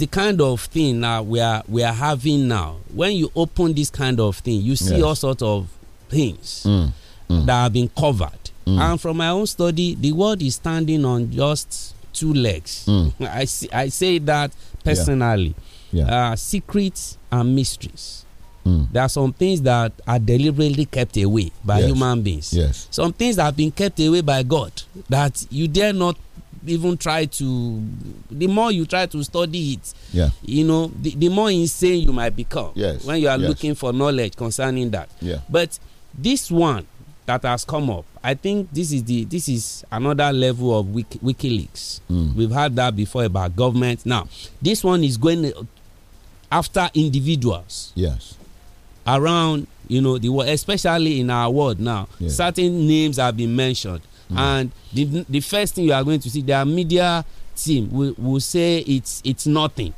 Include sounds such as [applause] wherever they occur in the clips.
the kind of thing now we are we are having now. When you open this kind of thing, you see yes. all sorts of things mm. Mm. that have been covered. Mm. And from my own study, the world is standing on just two legs. Mm. [laughs] I see, I say that personally. Yeah. Yeah. Uh, secrets and mysteries. Mm. There are some things that are deliberately kept away by yes. human beings. Yes. Some things that have been kept away by God that you dare not even try to the more you try to study it yeah you know the, the more insane you might become yes when you are yes. looking for knowledge concerning that yeah but this one that has come up i think this is the this is another level of Wiki, wikileaks mm. we've had that before about government now this one is going after individuals yes around you know the world especially in our world now yes. certain names have been mentioned Mm. And the, the first thing you are going to see, their media team will, will say it's, it's nothing.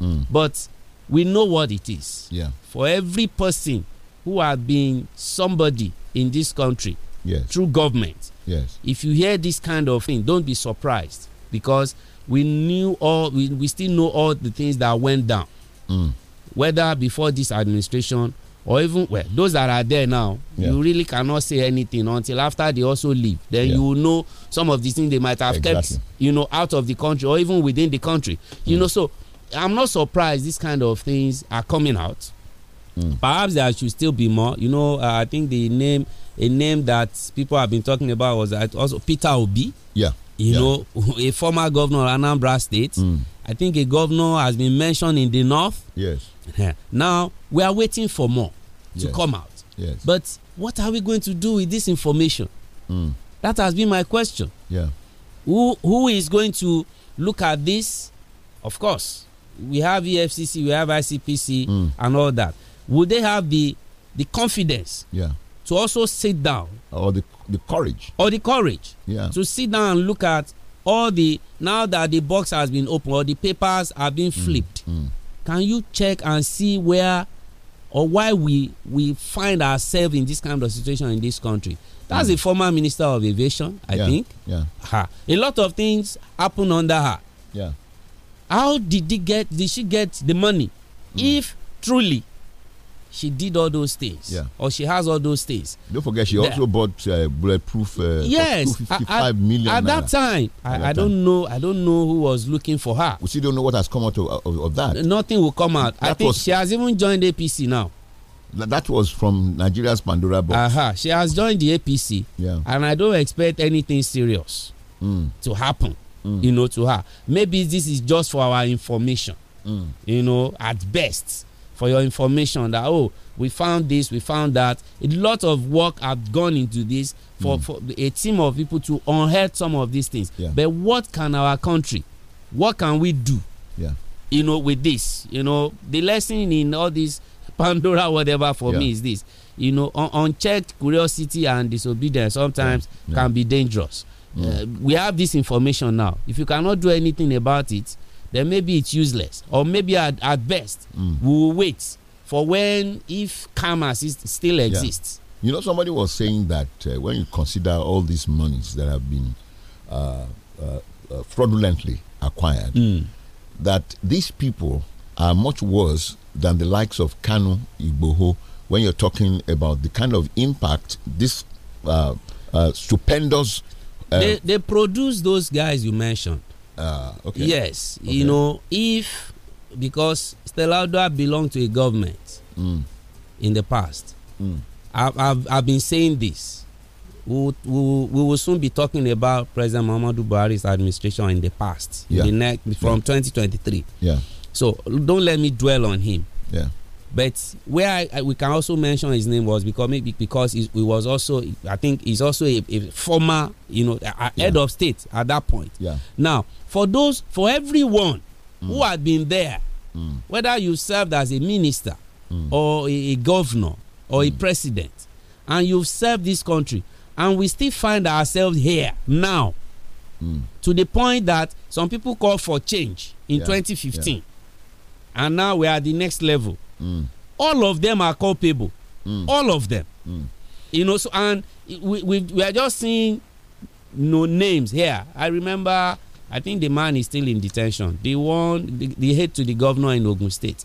Mm. But we know what it is. Yeah. For every person who has been somebody in this country yes. through government, yes. if you hear this kind of thing, don't be surprised because we knew all, we, we still know all the things that went down. Mm. Whether before this administration or even well those that are there now yeah. you really cannot say anything until after they also leave then yeah. you know some of the things they might have exactly. kept you know out of the country or even within the country you mm. know so i'm not surprised these kind of things are coming out mm. perhaps there should still be more you know uh, i think the name a name that people have been talking about was also peter obi yeah you yeah. know [laughs] a former governor of anambra state mm. i think a governor has been mentioned in the north yes [laughs] now we are waiting for more to yes. come out. Yes. But what are we going to do with this information? Mm. That has been my question. Yeah. Who who is going to look at this? Of course, we have EFCC, we have ICPC, mm. and all that. Would they have the the confidence? Yeah. To also sit down. Or the the courage. Or the courage. Yeah. To sit down and look at all the now that the box has been opened or the papers have been mm. flipped. Mm can you check and see where or why we we find ourselves in this kind of situation in this country that's mm. a former minister of aviation i yeah. think yeah ha. a lot of things happen under her yeah how did they get did she get the money mm. if truly she did all those things yeah. or she has all those things don't forget she the, also bought uh, bulletproof uh, yes at, at that time at I, that I don't time. know i don't know who was looking for her we still don't know what has come out of, of, of that nothing will come out that i think was, she has even joined apc now that was from nigeria's pandora box uh -huh. she has joined the apc yeah. and i don't expect anything serious mm. to happen mm. you know to her maybe this is just for our information mm. you know at best for your information that oh we found this we found that a lot of work had gone into this for, mm. for a team of people to unearth some of these things yeah. but what can our country what can we do yeah. you know with this you know the lesson in all this [laughs] pandora whatever for yeah. me is this you know un unchecked curiosity and disobedience sometimes yeah. can be dangerous mm. uh, we have this information now if you cannot do anything about it then maybe it's useless or maybe at, at best mm. we will wait for when if karma still exists yeah. you know somebody was saying that uh, when you consider all these monies that have been uh, uh, uh fraudulently acquired mm. that these people are much worse than the likes of Kanu Igboho when you're talking about the kind of impact this uh, uh, stupendous they, they produce those guys you mentioned Ah, okay. Yes, okay. you know, if because Stelauda belonged to a government mm. in the past, mm. I've, I've, I've been saying this. We will, we, we will soon be talking about President Muhammadu Buhari's administration in the past, yeah. the next from yeah. 2023. Yeah. So don't let me dwell on him. Yeah. But where I, I, we can also mention his name was because maybe because he, he was also I think he's also a, a former you know a, a yeah. head of state at that point. Yeah. Now for those for everyone mm. who had been there mm. whether you served as a minister mm. or a, a, governor or a mm. president and you've served this country and we still find ourselves here now mm. to the point that some people call for change in yeah. 2015 yeah. and now we are at the next level mm. all of them are culpable all of them you know so and we, we, we are just seeing no names here i remember I think the man is still in detention. The one, the, the head to the governor in Ogun State,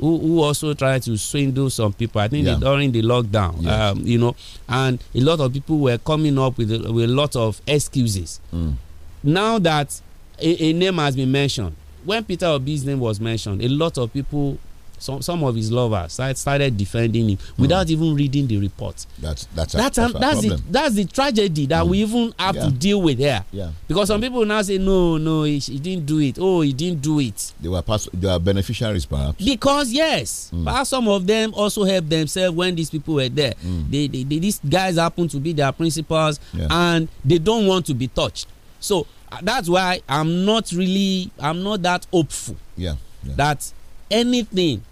who, who also tried to swindle some people. I think yeah. during the lockdown, yes. um, you know, and a lot of people were coming up with a, with a lot of excuses. Mm. Now that a, a, name has been mentioned, when Peter Obi's name was mentioned, a lot of people some some of his lovers started defending him without mm. even reading the report. That's that's a, that's, a, that's, that's the that's the tragedy that mm. we hmm. even have yeah. to deal with here. Yeah. Because some people now say no no he, he, didn't do it oh he didn't do it. They were past, they were beneficiaries perhaps. Because yes, mm. perhaps some of them also helped themselves when these people were there. Hmm. They, they, they, these guys happen to be their principals yeah. and they don't want to be touched. So uh, that's why I'm not really I'm not that hopeful. Yeah. yeah. That anything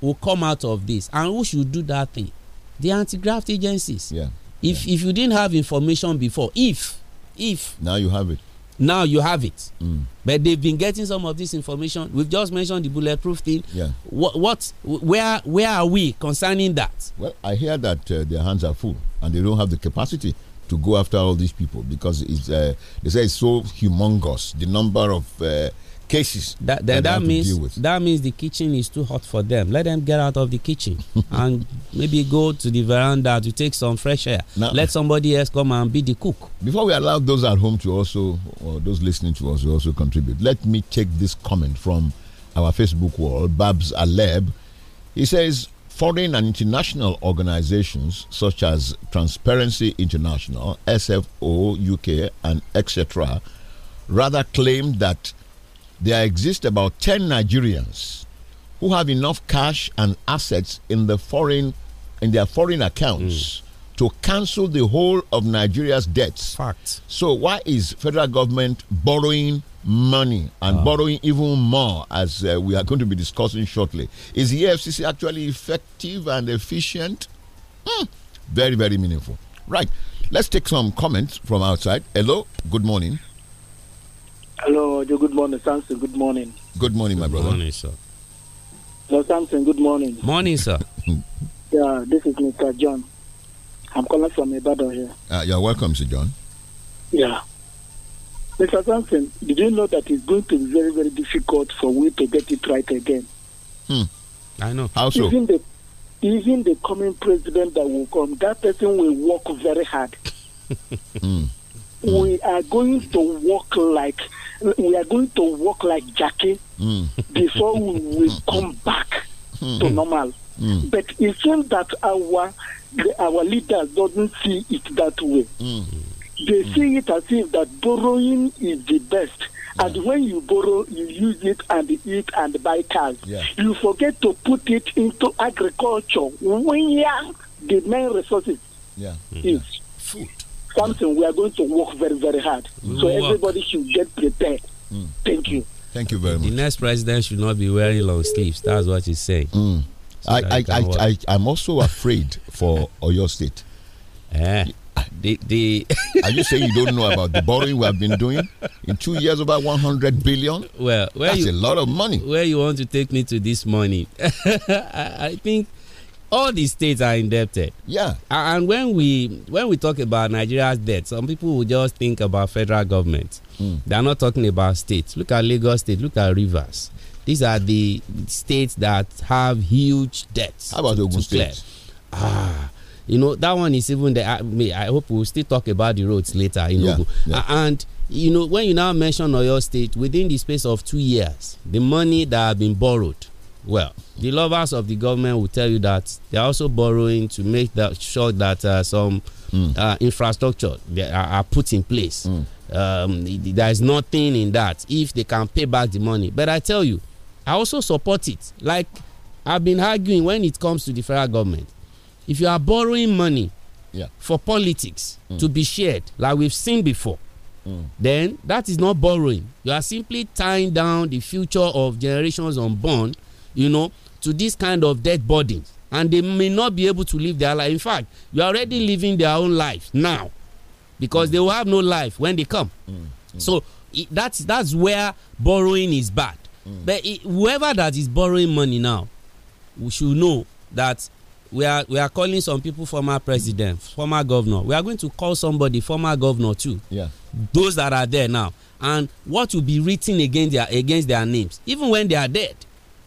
will come out of this and who should do that thing the anti-graft agencies yeah if yeah. if you didn't have information before if if now you have it now you have it mm. but they've been getting some of this information we've just mentioned the bulletproof thing yeah what, what where where are we concerning that well i hear that uh, their hands are full and they don't have the capacity to go after all these people because it's uh, they say it's so humongous the number of uh, cases that that, that means that means the kitchen is too hot for them let them get out of the kitchen [laughs] and maybe go to the veranda to take some fresh air now, let somebody else come and be the cook before we allow those at home to also or those listening to us to also contribute let me take this comment from our facebook wall babs aleb he says foreign and international organizations such as Transparency International, SFO UK, and etc., rather claim that there exist about 10 Nigerians who have enough cash and assets in the foreign in their foreign accounts mm. to cancel the whole of Nigeria's debts. Fact. So why is federal government borrowing money and ah. borrowing even more as uh, we are going to be discussing shortly? Is the EFCC actually effective and efficient? Mm. Very very meaningful. Right. Let's take some comments from outside. Hello. Good morning. Hello, Joe. Good morning, Samson. Good morning. Good morning, my brother. Good morning, sir. Hello, Samson. Good morning. Morning, sir. [laughs] yeah, this is Mr. John. I'm calling from Ibadan here. Uh, you're welcome, Sir John. Yeah. Mr. Samson, did you know that it's going to be very, very difficult for we to get it right again? Hmm. I know. How so? Even the, even the coming president that will come, that person will work very hard. [laughs] mm. We are going to work like we are going to walk like Jackie mm. before we [laughs] will come back hmm. to normal. Mm. But it seems that our our leaders doesn't see it that way. Hmm. They hmm. see it as if that borrowing is the best. And when you borrow, you use it and eat and buy cars. Yeah. You forget to put it into agriculture where the main resources yeah. is. Food something we are going to work very, very hard. We'll so work. everybody should get prepared. Mm. Thank you. Thank you very much. The next president should not be wearing long sleeves. That's what he's saying. Mm. So I, I, I, I, am also afraid for Oyo State. Eh. The, the are you saying you don't know about the borrowing we have been doing in two years over 100 billion well that's you, a lot of money where you want to take me to this money [laughs] I, I think all the states are indebted. Yeah. And when we when we talk about Nigeria's debt, some people will just think about federal government. Mm. They are not talking about states. Look at Lagos State. Look at Rivers. These are the states that have huge debts. How about Ogun State? Ah, you know that one is even the. I, mean, I hope we'll still talk about the roads later You yeah, Ogun. Yeah. And you know when you now mention Oyo State, within the space of two years, the money that have been borrowed well, the lovers of the government will tell you that they are also borrowing to make that sure that uh, some mm. uh, infrastructure they are, are, put in place. Mm. Um, there is nothing in that if they can pay back the money. But I tell you, I also support it. Like I've been arguing when it comes to the federal government, if you are borrowing money yeah. for politics mm. to be shared, like we've seen before, Mm. then that is not borrowing. You are simply tying down the future of generations unborn you know to this kind of dead body and they may not be able to live their life in fact you are already living their own life now because mm. they will have no life when they come mm. mm. so it, that's that's where borrowing is bad mm. but it, whoever that is borrowing money now we should know that we are we are calling some people former president former governor we are going to call somebody former governor too yeah those that are there now and what will be written against their against their names even when they are dead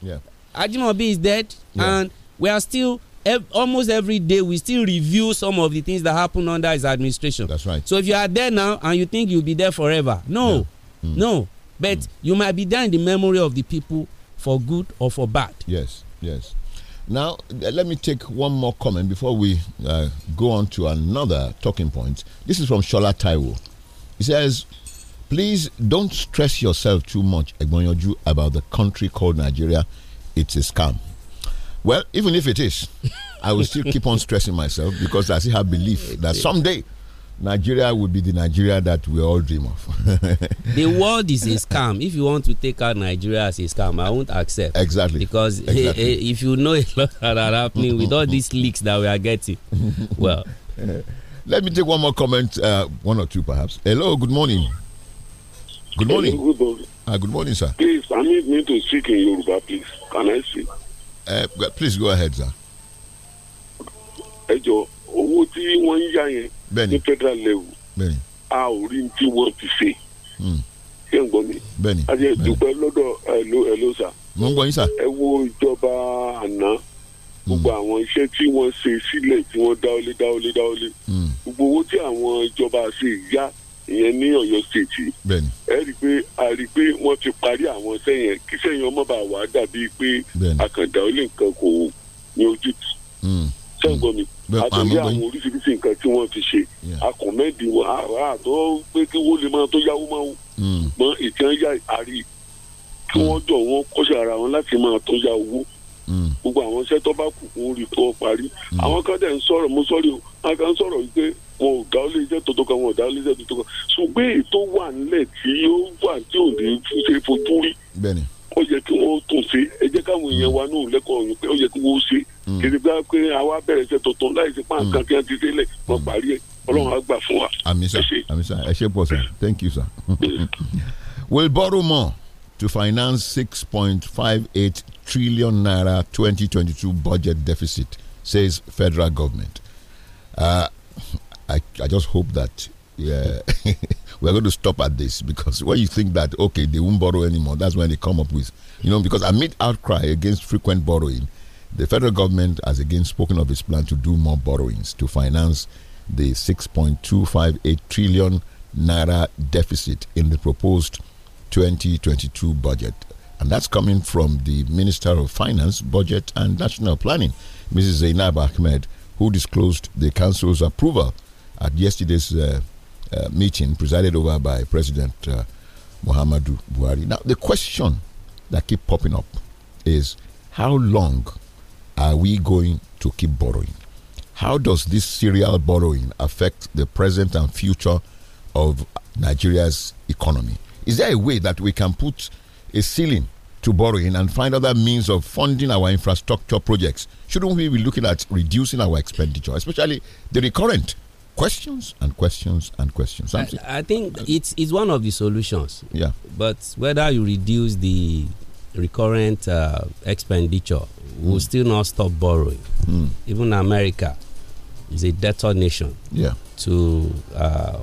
yeah Ajimobi is dead, yeah. and we are still ev almost every day we still review some of the things that happened under his administration. That's right. So if you are there now and you think you'll be there forever, no, yeah. Mm. mm. no. But mm. you might be there in the memory of the people for good or for bad. Yes, yes. Now, uh, let me take one more comment before we uh, go on to another talking point. This is from Shola Taiwo. He says, Please don't stress yourself too much, Egbonyoju, about the country called Nigeria it's a scam. Well, even if it is, I will still keep on stressing myself because I still have belief that someday Nigeria will be the Nigeria that we all dream of. [laughs] the world is a scam. If you want to take out Nigeria as a scam, I won't accept. Exactly. Because eh, eh, exactly. if you know a lot that are happening with all these leaks that we are getting, well. [laughs] Let me take one more comment, uh, one or two perhaps. Hello, good morning. Good morning. good morning. Ah, good morning, sir. Please, I need me to speak in Yoruba, please. Can I speak? Uh, please go ahead, sir. Ẹ jọ owó tí wọ́n ń yá yẹn ní federal level. Benny. A ò rí tí wọ́n ti ṣe. Hmm. Ṣé ń gbọ́ mi? Bẹ́ẹ̀ni. A ṣe dúpẹ́ lọ́dọ̀ ẹ̀ló ẹ̀ló sà. Mo ń gbọ́ yín sà. Ẹ wo ìjọba àná. Gbogbo hmm. àwọn iṣẹ́ tí wọ́n ṣe sílẹ̀ tí wọ́n dáwọ́lé dáwọ́lé dáwọ́lé. Hmm. Gbogbo owó tí àwọn ìjọba ṣe yá ìyẹn ní Ọ̀yọ́ state yìí ẹ rí i pé a rí i pé wọ́n ti parí àwọn sẹ́yìn kí sẹ́yìn ọmọ bá wà á dàbí pé àkàndá ó lè nǹkan kò ní ojú tì sẹ́ǹgọ́ hmm. mi hmm. àtọ̀lé àwọn oríṣiríṣi nǹkan tí wọ́n ti ṣe akọ̀mẹ́dì wọn àrà àtọ́ pé kí wọ́n lè máa tó yáwó máa wò hmm. mọ ìtàn yá àrí kí wọ́n jọ wọn kọ́ṣẹ́ ara wọn láti máa tó yá owó gbogbo àwọn iṣẹ́ tó bá kù kó tó parí àwọn kan dẹ̀ ń sọ̀rọ̀ mo sọ́rí o àwọn kan ń sọ̀rọ̀ wípé wọn ò dá ilé iṣẹ́ tuntun kan wọn ò dá ilé iṣẹ́ tuntun kan ṣùgbọ́n èyí tó wà nílẹ̀ tí ó wà tí ò ní ṣe fojú rí ó yẹ kí wọ́n tún ṣe ẹ jẹ́ káwọn èèyàn wa náà lẹ́kọ̀ọ́ yìí pé ó yẹ kí wọ́n ṣe mm. kìrì bí pé àwa bẹ̀rẹ̀ iṣẹ́ tuntun láì sí pàǹkan mm. kí wọ́n ti délẹ̀ wọ́n mm. parí ẹ̀ ọlọ́run á gbà fún wa. àmín sà ẹ ṣe pọ̀ sà thank you sir. [laughs] we'll borrow more to finance six point five eight trillion naira 2022 budget deficit, says federal government. Uh, I, I just hope that yeah, uh, [laughs] we're going to stop at this because when you think that, okay, they won't borrow anymore, that's when they come up with, you know, because amid outcry against frequent borrowing, the federal government has again spoken of its plan to do more borrowings to finance the 6.258 trillion naira deficit in the proposed 2022 budget. And that's coming from the Minister of Finance, Budget and National Planning, Mrs. Zainab Ahmed, who disclosed the Council's approval at yesterday's uh, uh, meeting presided over by President uh, Muhammadu Buhari. Now, the question that keep popping up is how long are we going to keep borrowing? How does this serial borrowing affect the present and future of Nigeria's economy? Is there a way that we can put a ceiling to borrowing and find other means of funding our infrastructure projects? Shouldn't we be looking at reducing our expenditure, especially the recurrent questions and questions and questions? I, I, think it's, it's one of the solutions. Yeah. But whether you reduce the recurrent uh, expenditure, mm. will hmm. still not stop borrowing. Mm. Even America is a debtor nation yeah. to uh,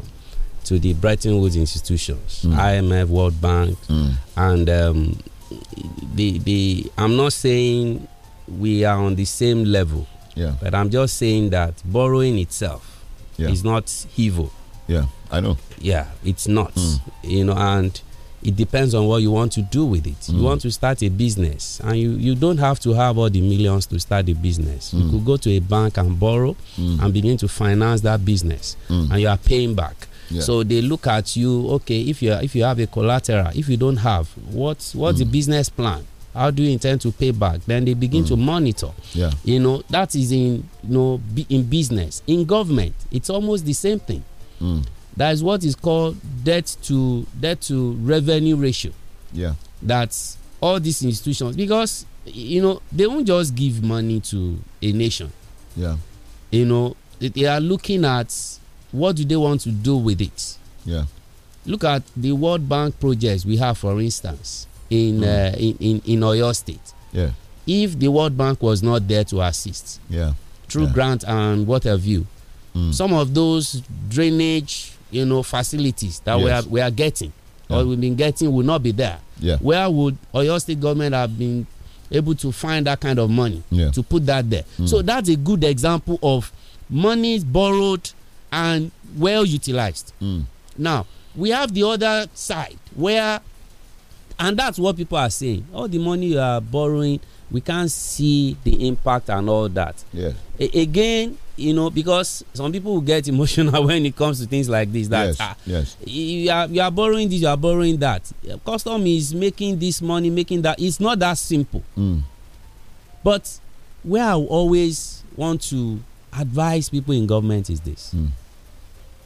to the Bretton Woods institutions, mm. IMF, World Bank, mm. and um, the the. I'm not saying we are on the same level, yeah. But I'm just saying that borrowing itself yeah. is not evil. Yeah, I know. Yeah, it's not. Mm. You know, and it depends on what you want to do with it. Mm. You want to start a business, and you, you don't have to have all the millions to start a business. Mm. You could go to a bank and borrow mm. and begin to finance that business, mm. and you are paying back. So they look at you. Okay, if you if you have a collateral, if you don't have, what's what's mm. the business plan? How do you intend to pay back? Then they begin mm. to monitor. Yeah. You know that is in you know in business, in government, it's almost the same thing. Mm. That is what is called debt to debt to revenue ratio. Yeah. That's all these institutions because you know they won't just give money to a nation. Yeah. You know they are looking at what do they want to do with it? Yeah. Look at the World Bank projects we have, for instance, in mm. uh, in, in, in Oyo State. Yeah. If the World Bank was not there to assist, yeah, through yeah. grant and what have you, mm. some of those drainage, you know, facilities that yes. we are we are getting yeah. or we've been getting will not be there. Yeah. Where would Oyo State government have been able to find that kind of money yeah. to put that there? Mm. So that's a good example of monies borrowed and well utilized. Mm. Now, we have the other side where, and that's what people are saying all the money you are borrowing, we can't see the impact and all that. Yeah. A again, you know, because some people get [laughs] emotional when it comes to things like this. That yes, uh, yes. You, are, you are borrowing this, you are borrowing that. Custom is making this money, making that. It's not that simple. Mm. But where I always want to advise people in government is this. Mm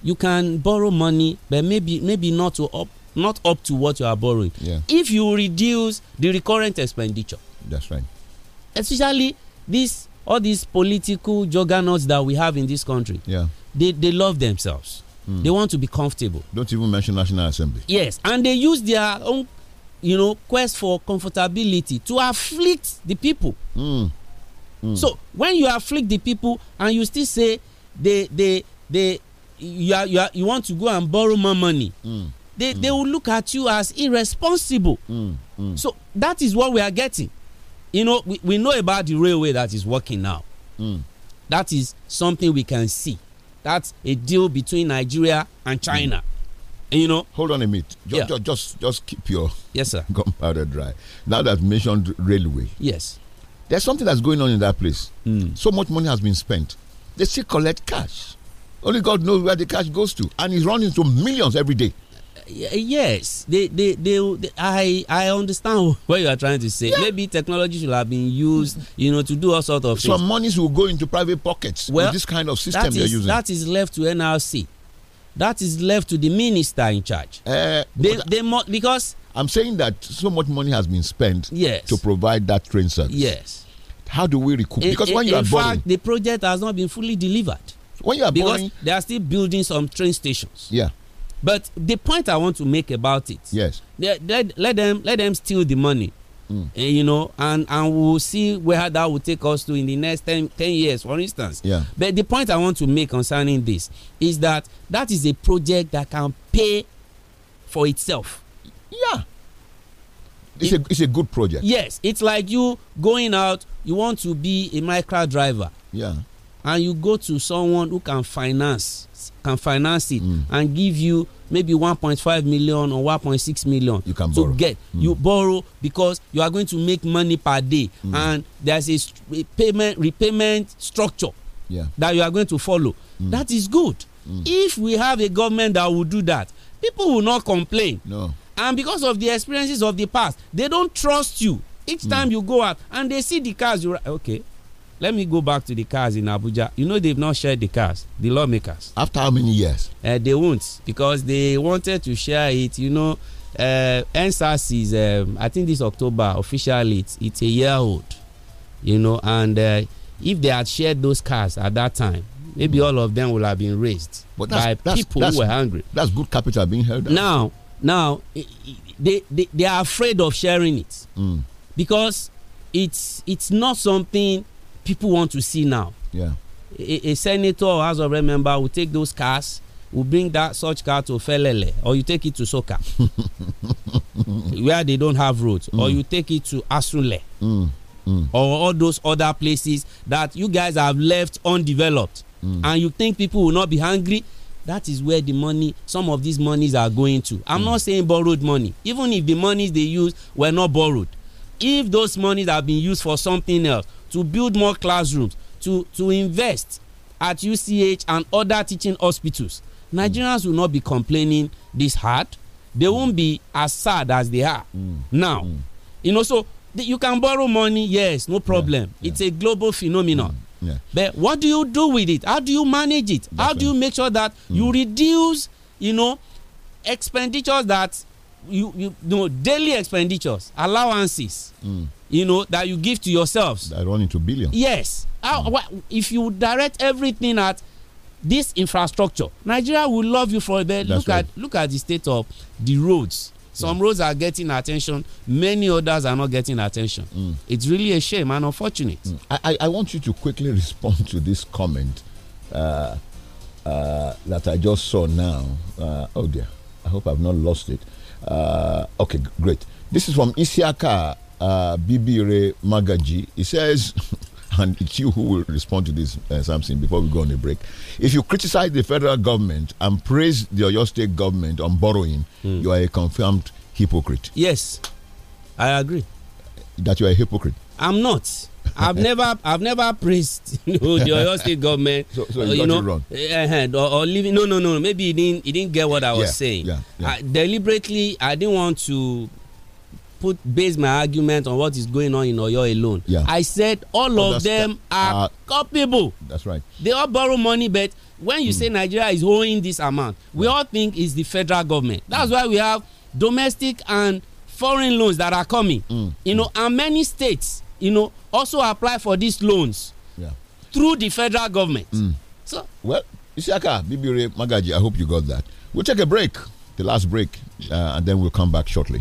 you can borrow money but maybe maybe not to up not up to what you are borrowing yeah. if you reduce the recurrent expenditure that's right especially this all these political juggernauts that we have in this country yeah they they love themselves mm. they want to be comfortable don't even mention national assembly yes and they use their own you know quest for comfortability to afflict the people mm. Mm. so when you afflict the people and you still say they they they you are, you, are, you want to go and borrow more money mm. they mm. they will look at you as irresponsible mm. mm. so that is what we are getting you know we, we know about the railway that is working now mm. that is something we can see that's a deal between nigeria and china mm. and, you know hold on a minute just yeah. just, just, just keep your [laughs] yes sir gunpowder dry now that mentioned railway yes there's something that's going on in that place so much money has been spent they still collect cash only God knows where the cash goes to, and it's running to millions every day. Uh, yes, they, they, they, they, I, I understand what you are trying to say. Yeah. Maybe technology should have been used, you know, to do all sorts of. Some things. monies will go into private pockets well, with this kind of system you are using. That is left to NRC. That is left to the minister in charge. Uh, they, they must because. I'm saying that so much money has been spent yes. to provide that train service. Yes. How do we recoup? Because in, when you in are fact, the project has not been fully delivered. When you are because boring, they are still building some train stations. Yeah. But the point I want to make about it. Yes. They, let, let them let them steal the money. Mm. And, you know, and and we'll see where that will take us to in the next 10, 10 years, for instance. Yeah. But the point I want to make concerning this is that that is a project that can pay for itself. Yeah. It's, it, a, it's a good project. Yes. It's like you going out, you want to be a micro driver. Yeah and you go to someone who can finance can finance it mm. and give you maybe 1.5 million or 1.6 million you can to borrow. get mm. you borrow because you are going to make money per day mm. and there's a payment repayment structure yeah. that you are going to follow mm. that is good mm. if we have a government that will do that people will not complain no and because of the experiences of the past they don't trust you each mm. time you go out and they see the cars you okay let me go back to the cars in Abuja. You know, they've not shared the cars, the lawmakers. After how many years? Uh, they won't because they wanted to share it. You know, uh, NSAS is, um, I think this October, officially, it's, it's a year old. You know, and uh, if they had shared those cars at that time, maybe mm. all of them would have been raised but that's, by that's, people that's, who were hungry. That's good capital being held out. Now, now they, they, they are afraid of sharing it mm. because it's, it's not something people want to see now. Yeah. A, a senator or House of Rep member will take those cars will bring that such car to Felele or you take it to Soka [laughs] where they don't have roads mm. or you take it to Asunle mm. Mm. or all those other places that you guys have left undeveloped mm. and you think people will not be hungry that is where the money some of these monies are going to i'm mm. not saying borrowed money even if the monies they use were not borrowed if those monies have been used for something else to build more classrooms, to, to invest at UCH and other teaching hospitals, Nigerians mm. will not be complaining this hard. They won't be as sad as they are mm. now. Mm. You know, so the, you can borrow money, yes, no problem. Yeah. Yeah. It's a global phenomenon. Mm, yeah. But what do you do with it? How do you manage it? Definitely. How do you make sure that mm. you reduce, you know, expenditures that you you, you know daily expenditures, allowances. Mm. you know that you give to yourselves that run into billions yes How, mm. if you direct everything at this infrastructure nigeria will love you for a bit look right. at look at the state of the roads some hmm. roads are getting attention many others are not getting attention mm. it's really a shame and unfortunate hmm. I, I want you to quickly [laughs] respond to this comment uh, uh, that i just saw now uh, oh dear i hope i've not lost it uh, okay great this is from isiaka uh, Bibire Magaji. He says, [laughs] and it's you who will respond to this, uh, Samson, before we go on a break. If you criticize the federal government and praise the Oyo state government on borrowing, mm. you are a confirmed hypocrite. Yes, I agree. That you are a hypocrite. I'm not. I've [laughs] never, I've never praised [laughs] you know, the Oyo State government. So, so you, uh, you know, wrong. Uh, uh-huh, or, or leaving, no, no, no. Maybe he didn't, he didn't get what I was yeah, saying. Yeah, yeah. I, deliberately, I didn't want to put base my argument on what is going on in Oyo alone. Yeah. I said all oh, of them are uh, culpable. That's right. They all borrow money, but when you mm. say Nigeria is owing this amount, we all think it's the federal government. That's mm. why we have domestic and foreign loans that are coming. Mm. You know, and many states, you know, also apply for these loans yeah. through the federal government. Hmm. So well, Isiaka, Bibire Magaji, I hope you got that. We'll take a break, the last break, uh, and then we'll come back shortly.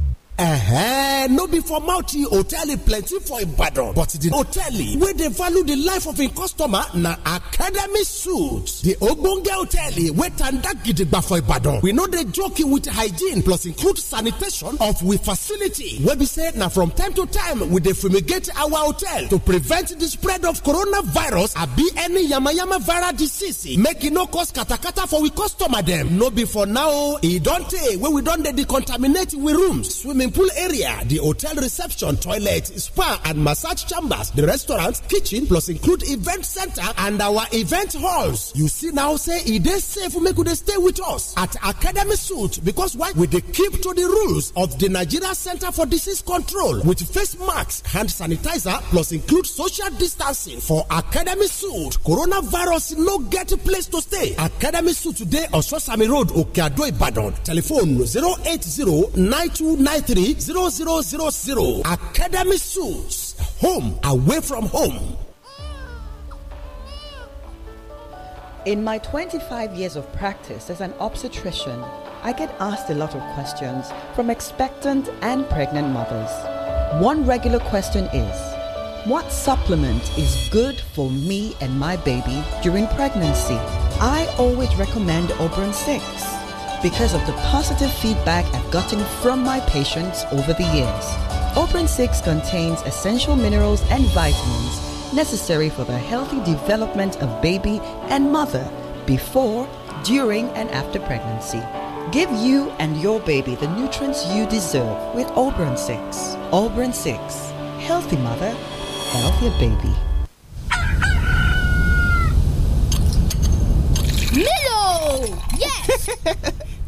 Uh-huh. no be for mouthie hotel plenty for ibadan but the hotel wey dey value the life of a customer na academy suite the ogbonge hotel wey tanda gidigba for ibadan we no dey joke with hygiene plus include sanitation of we facility wey be say na from time to time we dey fumigate our hotel to prevent the spread of coronavirus abi any yamayama viral disease make e no cause katakata for we customer dem no be for now e don tey wey we don dey decontaminate we rooms swimming swimming pool area, the hotel reception, toilet, spa and massage chambers, the restaurant, kitchen, plus include event center and our event halls. You see now say e dey safe make we stay with us at Academy Suit because why we dey keep to the rules of the Nigeria Center for Disease Control with face masks, hand sanitizer, plus include social distancing for Academy Suit. Coronavirus no get a place to stay. Academy Suit today, Ososami Road, Okeado, Ibadan. Telephone 080 9293 three zero zero zero zero academy suits home away from home. In my 25 years of practice as an obstetrician, I get asked a lot of questions from expectant and pregnant mothers. One regular question is What supplement is good for me and my baby during pregnancy? I always recommend Oberon 6 because of the positive feedback I've gotten from my patients over the years. Oprin 6 contains essential minerals and vitamins necessary for the healthy development of baby and mother before, during, and after pregnancy. Give you and your baby the nutrients you deserve with Auburn 6. Auburn 6. Healthy mother, healthier baby. Milo! Yes! [laughs]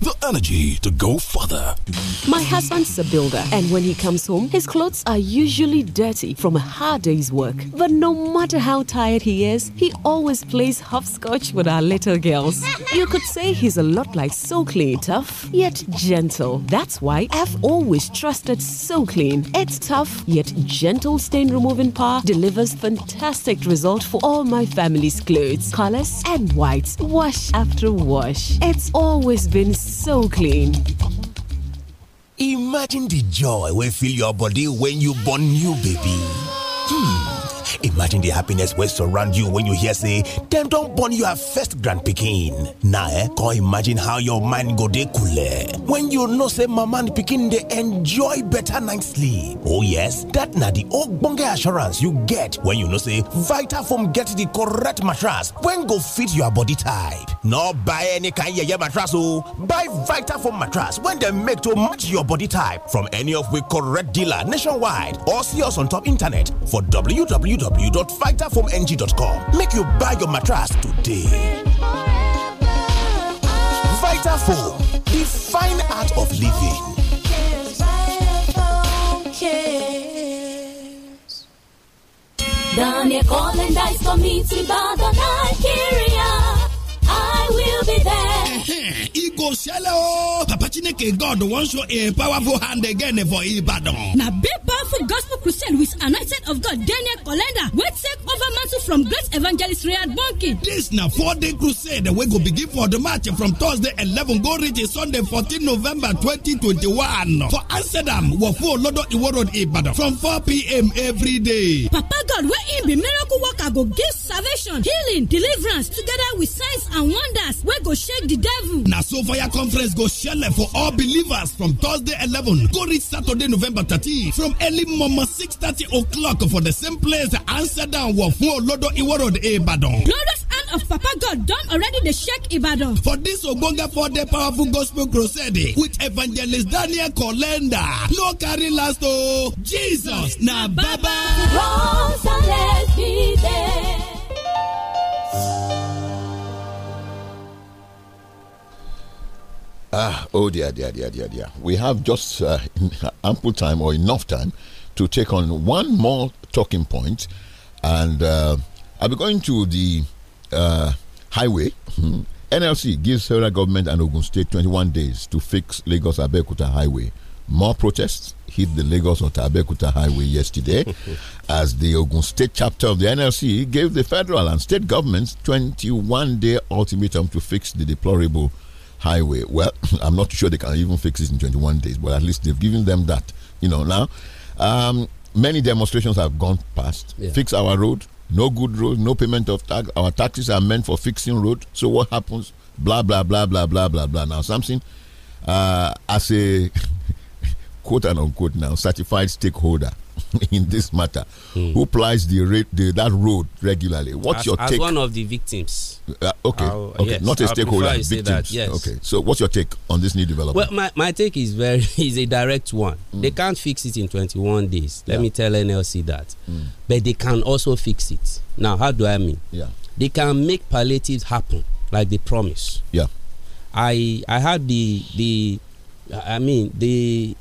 the energy to go further. My husband's a builder, and when he comes home, his clothes are usually dirty from a hard day's work. But no matter how tired he is, he always plays hopscotch with our little girls. You could say he's a lot like So Clean, tough yet gentle. That's why I've always trusted So Clean. It's tough yet gentle stain removing power delivers fantastic results for all my family's clothes, colors, and whites, wash after wash. It's always been so clean. Imagine the joy will fill your body when you born new baby. Hmm. Imagine the happiness wey surround you when you hear say dem don born your first grand pikin. Na eh, come imagine how your mind go dey coole when you know say mama and pikin they enjoy better night sleep. Oh yes, that na the ogbonge assurance you get when you know say Vitafoam get the correct mattress when go fit your body type. No buy any kind of yeye mattress oh, buy Vitafoam mattress when they make to match your body type from any of we correct dealer nationwide or see us on top internet for www www.vitafoamng.com. Make you buy your mattress today. Vitafoam, the fine art of living. Daniel Collins dies for me to bother Nigeria. I will be there. Ego Shelo, Papa Chineke God wants you a powerful hand again for Ibadan. Na big powerful gospel crusade with anointed of God Daniel Kolenda wey take over mantle from great evangelist Riyad Bonke. Dis na four-day crusade wey go begin for the march from Thursday eleven go reach Sunday fourteen November twenty twenty-one for Amsterdam, Wofo Olodo Iwo Road, Ibadan from four pm every day. Papa God wey im be miracle worker go give salvation, healing, deliverance together with signs and wonders wey go shake the devil. Na so fire conference go shele for all believers from Thursday eleven go reach Saturday November thirteen from eleven early momo six thirty o'clock for the same place answer down wọ fún olodo iwo road Ibadan. glorious hand of papa God don already dey shake Ibadan. for this ogbonge four day powerful gospel crusade with evangelist Daniel Kolenda no carry last o oh, Jesus na baba. Once and let there. Ah, oh dear, dear, dear, dear, dear. We have just uh, [laughs] ample time or enough time to take on one more talking point, and uh, I'll be going to the uh, highway. Hmm. NLC gives federal government and Ogun State 21 days to fix Lagos Abakuta highway. More protests hit the Lagos Abakuta highway yesterday [laughs] as the Ogun State chapter of the NLC gave the federal and state governments 21 day ultimatum to fix the deplorable highway. Well, [laughs] I'm not sure they can even fix it in 21 days, but at least they've given them that. You know, now um, many demonstrations have gone past. Yeah. Fix our road, no good road, no payment of tax. Our taxes are meant for fixing road. So what happens? Blah blah blah blah blah blah blah. Now something uh, as a [laughs] quote and unquote now certified stakeholder. [laughs] in this matter mm. who plies the, the, that road regularly. What's as, your take? As one of the victims. Uh, okay, okay, yes, not a stakeholder. Victims. That, yes. Okay, so what's your take on this new development? Well, my, my take is very [laughs] is a direct one. Mm. They can't fix it in 21 days. Let yeah. me tell NLC that. Mm. But they can also fix it. Now, how do I mean? Yeah. They can make palliatives happen like they promise. Yeah. I I had the the I mean the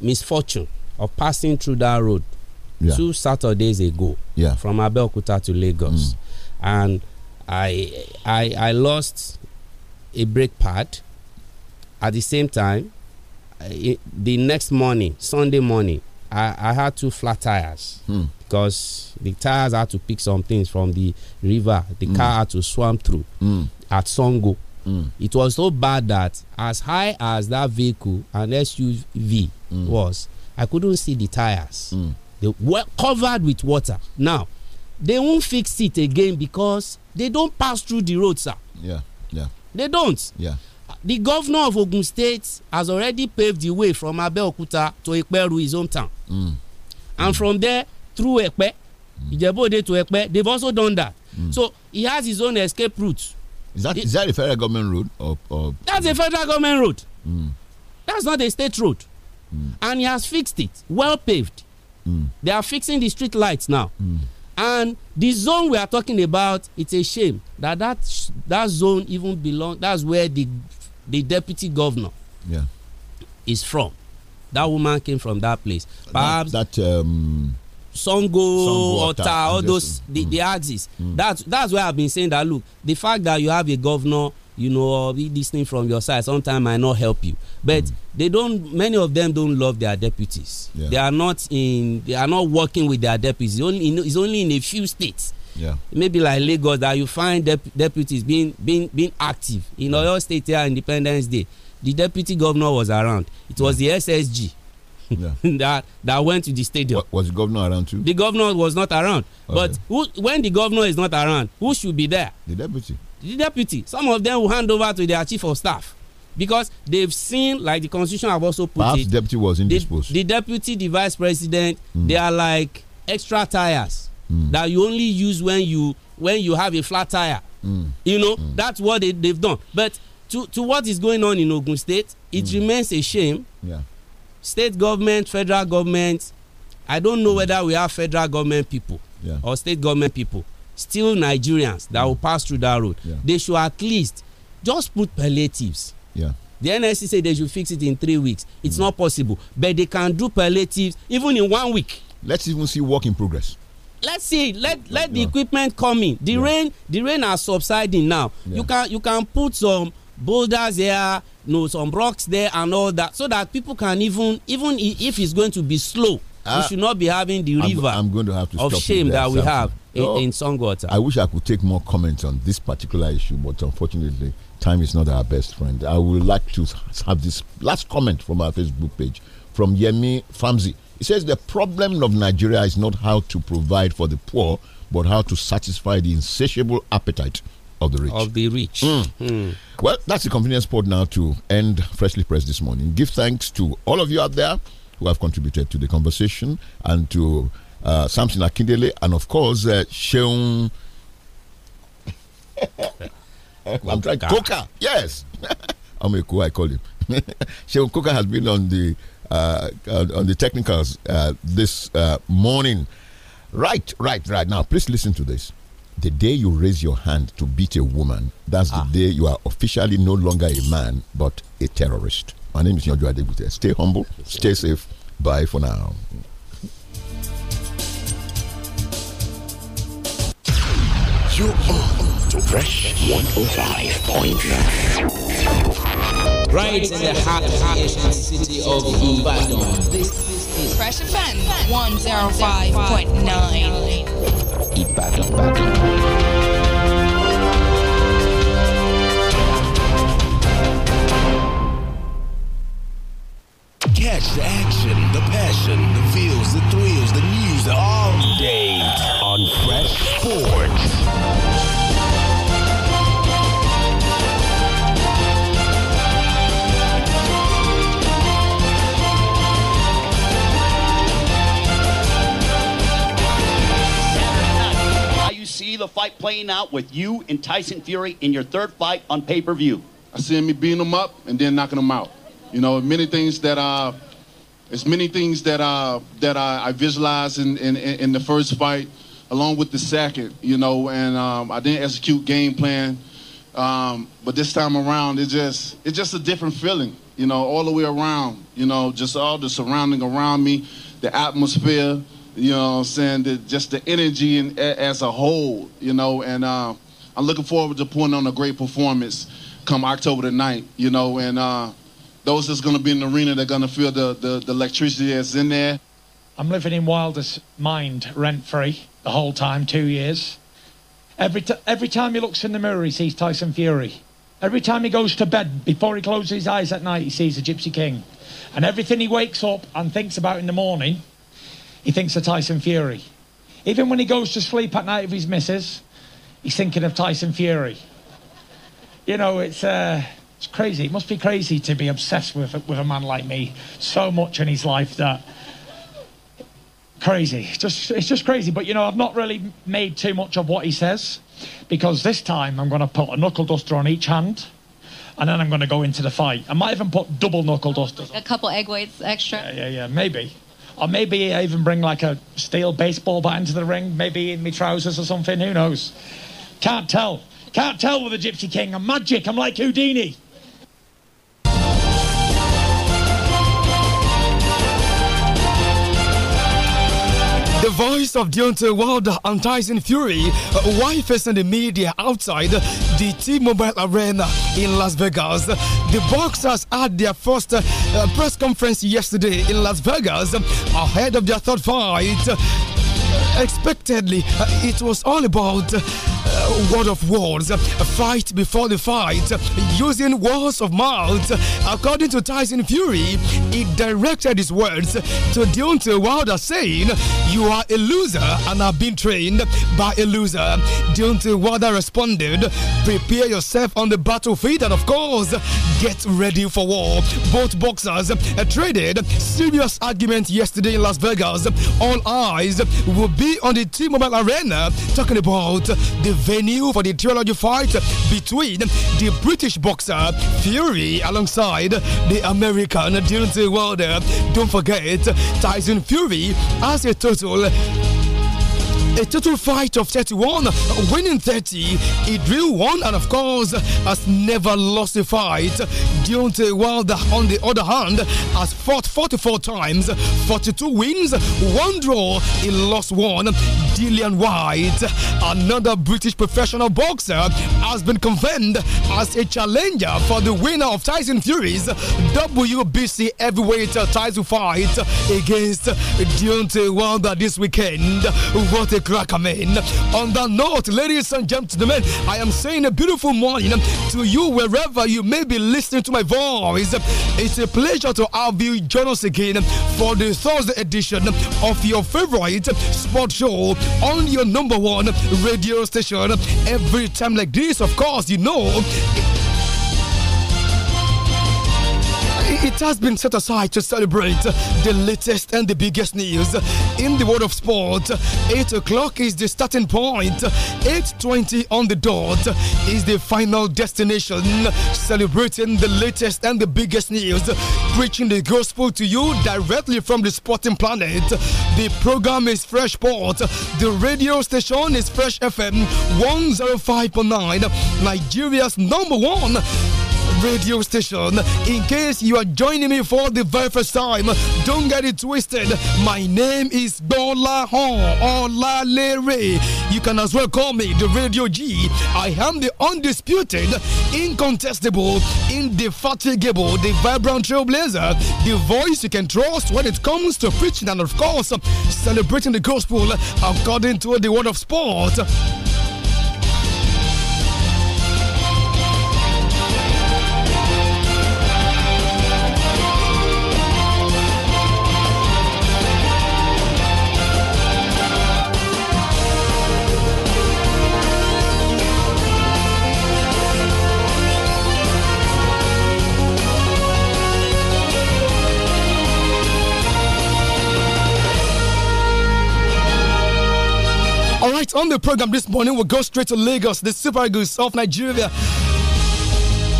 misfortune of passing through that road yeah. two Saturdays ago yeah. from Abeokuta to Lagos. Mm. And I, I, I lost a brake pad. At the same time, I, the next morning, Sunday morning, I, I had two flat tires mm. because the tires had to pick some things from the river. The mm. car had to swim through hmm. at Songo. Mm. It was so bad that as high as that vehicle, an SUV mm. was, I couldn't see the tires. Mm. They were covered with water. Now, they won't fix it again because they don't pass through the road, sir. Yeah, yeah. They don't. Yeah. The governor of Ogun State has already paved the way from Abeokuta to Ekperu, his hometown. Mm. And mm. from there, through Ekpe, mm. Ijebode to Ekpe, they've also done that. Mm. So he has his own escape route. Is that, it, is that a federal government road? Or, or, That's a federal government road. Mm. That's not a state road. Mm. And he has fixed it, well paved. Mm. They are fixing the street lights now. Mm. And the zone we are talking about, it's a shame that that, that zone even belongs, that's where the, the deputy governor yeah. is from. That woman came from that place. Perhaps that, that um Songo, Ota, all those the, mm. the axis. Mm. That's that's why I've been saying that look, the fact that you have a governor you know this thing from your side sometimes might not help you but mm. they don't many of them don't love their deputies yeah. they are not in they are not working with their deputies it's only in, it's only in a few states yeah. maybe like lagos that you find dep deputies being being being active in yeah. oyo state here independence day the deputy governor was around it was yeah. the ssg [laughs] yeah. that that went to the stadium. What, was the governor around too? The governor was not around. Okay. But who, when the governor is not around, who should be there? The deputy. the deputy some of them will hand over to their chief of staff because they've seen like the constitution have also put Perhaps it deputy was in the, this post the deputy the vice president mm. they are like extra tires mm. that you only use when you when you have a flat tire mm. you know hmm. that's what they, they've done but to to what is going on in ogun state it hmm. remains a shame yeah. state government federal government i don't know hmm. whether we have federal government people yeah. or state government people still Nigerians that will pass through that road. Yeah. They should at least just put palliatives. Yeah. The NSC said they should fix it in three weeks. It's mm. not possible, but they can do palliatives even in one week. Let's even see work in progress. Let's see. Let let yeah. the equipment come in. The yeah. rain the rain are subsiding now. You can you can put some boulders there, you know, some rocks there, and all that, so that people can even even if it's going to be slow uh, we ah. should not be having the river I'm, I'm going to have to of shame that we have in, oh, in Songwater. I wish I could take more comments on this particular issue, but unfortunately, time is not our best friend. I would like to have this last comment from our Facebook page from Yemi Famzi. He says the problem of Nigeria is not how to provide for the poor, but how to satisfy the insatiable appetite of the rich. Of the rich. Mm. Mm. Well, that's the convenience port now to end Freshly Pressed this morning. Give thanks to all of you out there who have contributed to the conversation, and to uh, Samson Akindele, and of course, uh, Sheung. [laughs] I'm trying Coca. Yes, [laughs] I'm a cool. I call him. [laughs] Sheung Coca has been on the uh, on the technicals uh, this uh, morning. Right, right, right. Now, please listen to this. The day you raise your hand to beat a woman, that's ah. the day you are officially no longer a man but a terrorist. My name is Yonjo Adebute. Stay humble, stay safe. Bye for now. You are to Fresh 105.9. Right in the heart of the city of Ibadan. This is Fresh Offense 105.9. Ibadan. Ibadan. catch the action, the passion, the feels, the thrills, the news all day on Fresh Sports. see the fight playing out with you and Tyson Fury in your third fight on pay per view? I see me beating them up and then knocking them out. You know, many things that uh, there's many things that I that I, I visualized in, in, in the first fight, along with the second, you know, and um, I didn't execute game plan. Um, but this time around, it just it's just a different feeling, you know, all the way around, you know, just all the surrounding around me, the atmosphere, you know, I'm saying the, just the energy and as a whole, you know, and uh, I'm looking forward to putting on a great performance come October the 9th, you know, and. Uh, those that's going to be in the arena, they're going to feel the, the, the electricity that's in there. I'm living in Wilder's mind rent free the whole time, two years. Every, t- every time he looks in the mirror, he sees Tyson Fury. Every time he goes to bed, before he closes his eyes at night, he sees the Gypsy King. And everything he wakes up and thinks about in the morning, he thinks of Tyson Fury. Even when he goes to sleep at night with his missus, he's thinking of Tyson Fury. You know, it's. Uh, it's crazy. It must be crazy to be obsessed with, with a man like me so much in his life that crazy. Just it's just crazy. But you know, I've not really made too much of what he says because this time I'm going to put a knuckle duster on each hand. And then I'm going to go into the fight. I might even put double knuckle oh, dusters. Like a couple egg whites extra. Yeah, yeah, yeah. Maybe. Or maybe I even bring like a steel baseball bat into the ring, maybe in my trousers or something. Who knows? Can't tell. Can't tell with the Gypsy King. I'm magic. I'm like Houdini. The voice of Deontay Wilder and in Fury uh, while facing the media outside the T-Mobile Arena in Las Vegas. The boxers had their first uh, press conference yesterday in Las Vegas ahead of their third fight. Expectedly, uh, it was all about word of words, fight before the fight, using words of mouth. According to Tyson Fury, he directed his words to Deontay Wilder, saying, You are a loser and are being trained by a loser. Deontay Wilder responded, Prepare yourself on the battlefield and, of course, get ready for war. Both boxers uh, traded serious arguments yesterday in Las Vegas. All eyes will be on the T Mobile Arena talking about the venue for the trilogy fight between the British boxer Fury alongside the American Deontay Wilder. Don't forget, Tyson Fury has a total a total fight of 31, winning 30. He drew one and, of course, has never lost a fight. Deontay Wilder, on the other hand, has fought 44 times, 42 wins, one draw, he lost one. Dillian White, another British professional boxer, has been confirmed as a challenger for the winner of Tyson Fury's WBC heavyweight title fight against Deontay Wilder this weekend. What a the Krakamen. On that note, ladies and gentlemen, I am saying a beautiful morning to you wherever you may be listening to my voice. It's a pleasure to have you join us again for the Thursday edition of your favorite sports show on your number one radio station. Every time like this, of course, you know. It has been set aside to celebrate the latest and the biggest news in the world of sport. 8 o'clock is the starting point. 8.20 on the dot is the final destination. Celebrating the latest and the biggest news. Preaching the gospel to you directly from the sporting planet. The program is Fresh Sport. The radio station is Fresh FM 105.9. Nigeria's number one radio station. In case you are joining me for the very first time, don't get it twisted. My name is La Hon Ray. You can as well call me the Radio G. I am the undisputed, incontestable, indefatigable, the vibrant trailblazer, the voice you can trust when it comes to preaching and, of course, celebrating the gospel according to the word of sport. on the program this morning, we'll go straight to Lagos, the Super Eagles of Nigeria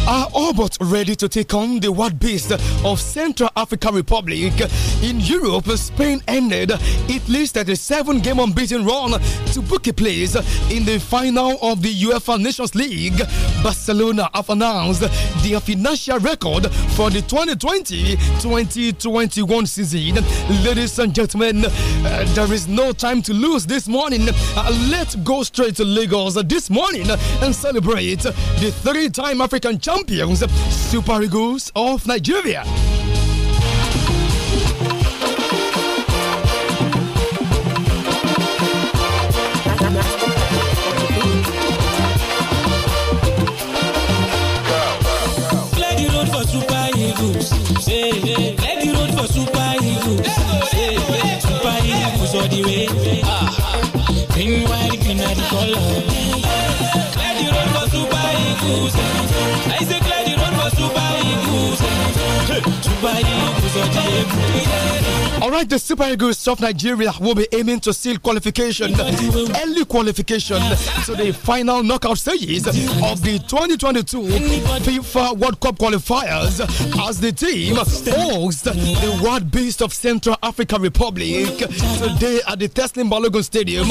are all but ready to take on the world beast of Central African Republic. In Europe, Spain ended Italy's 7 game unbeaten run to book a place in the final of the UEFA Nations League. Barcelona have announced their financial record for the 2020 2021 season. Ladies and gentlemen, uh, there is no time to lose this morning. Uh, let's go straight to Lagos this morning and celebrate the three time African champion champions, Super Eagles of Nigeria. let the road for super super all the way. green, green color. Let the road for super eagles. All right, the Super Eagles of Nigeria will be aiming to seal qualification, early qualification to the final knockout stages of the 2022 FIFA World Cup qualifiers as the team hosts the world beast of Central African Republic today at the Teslim Balogun Stadium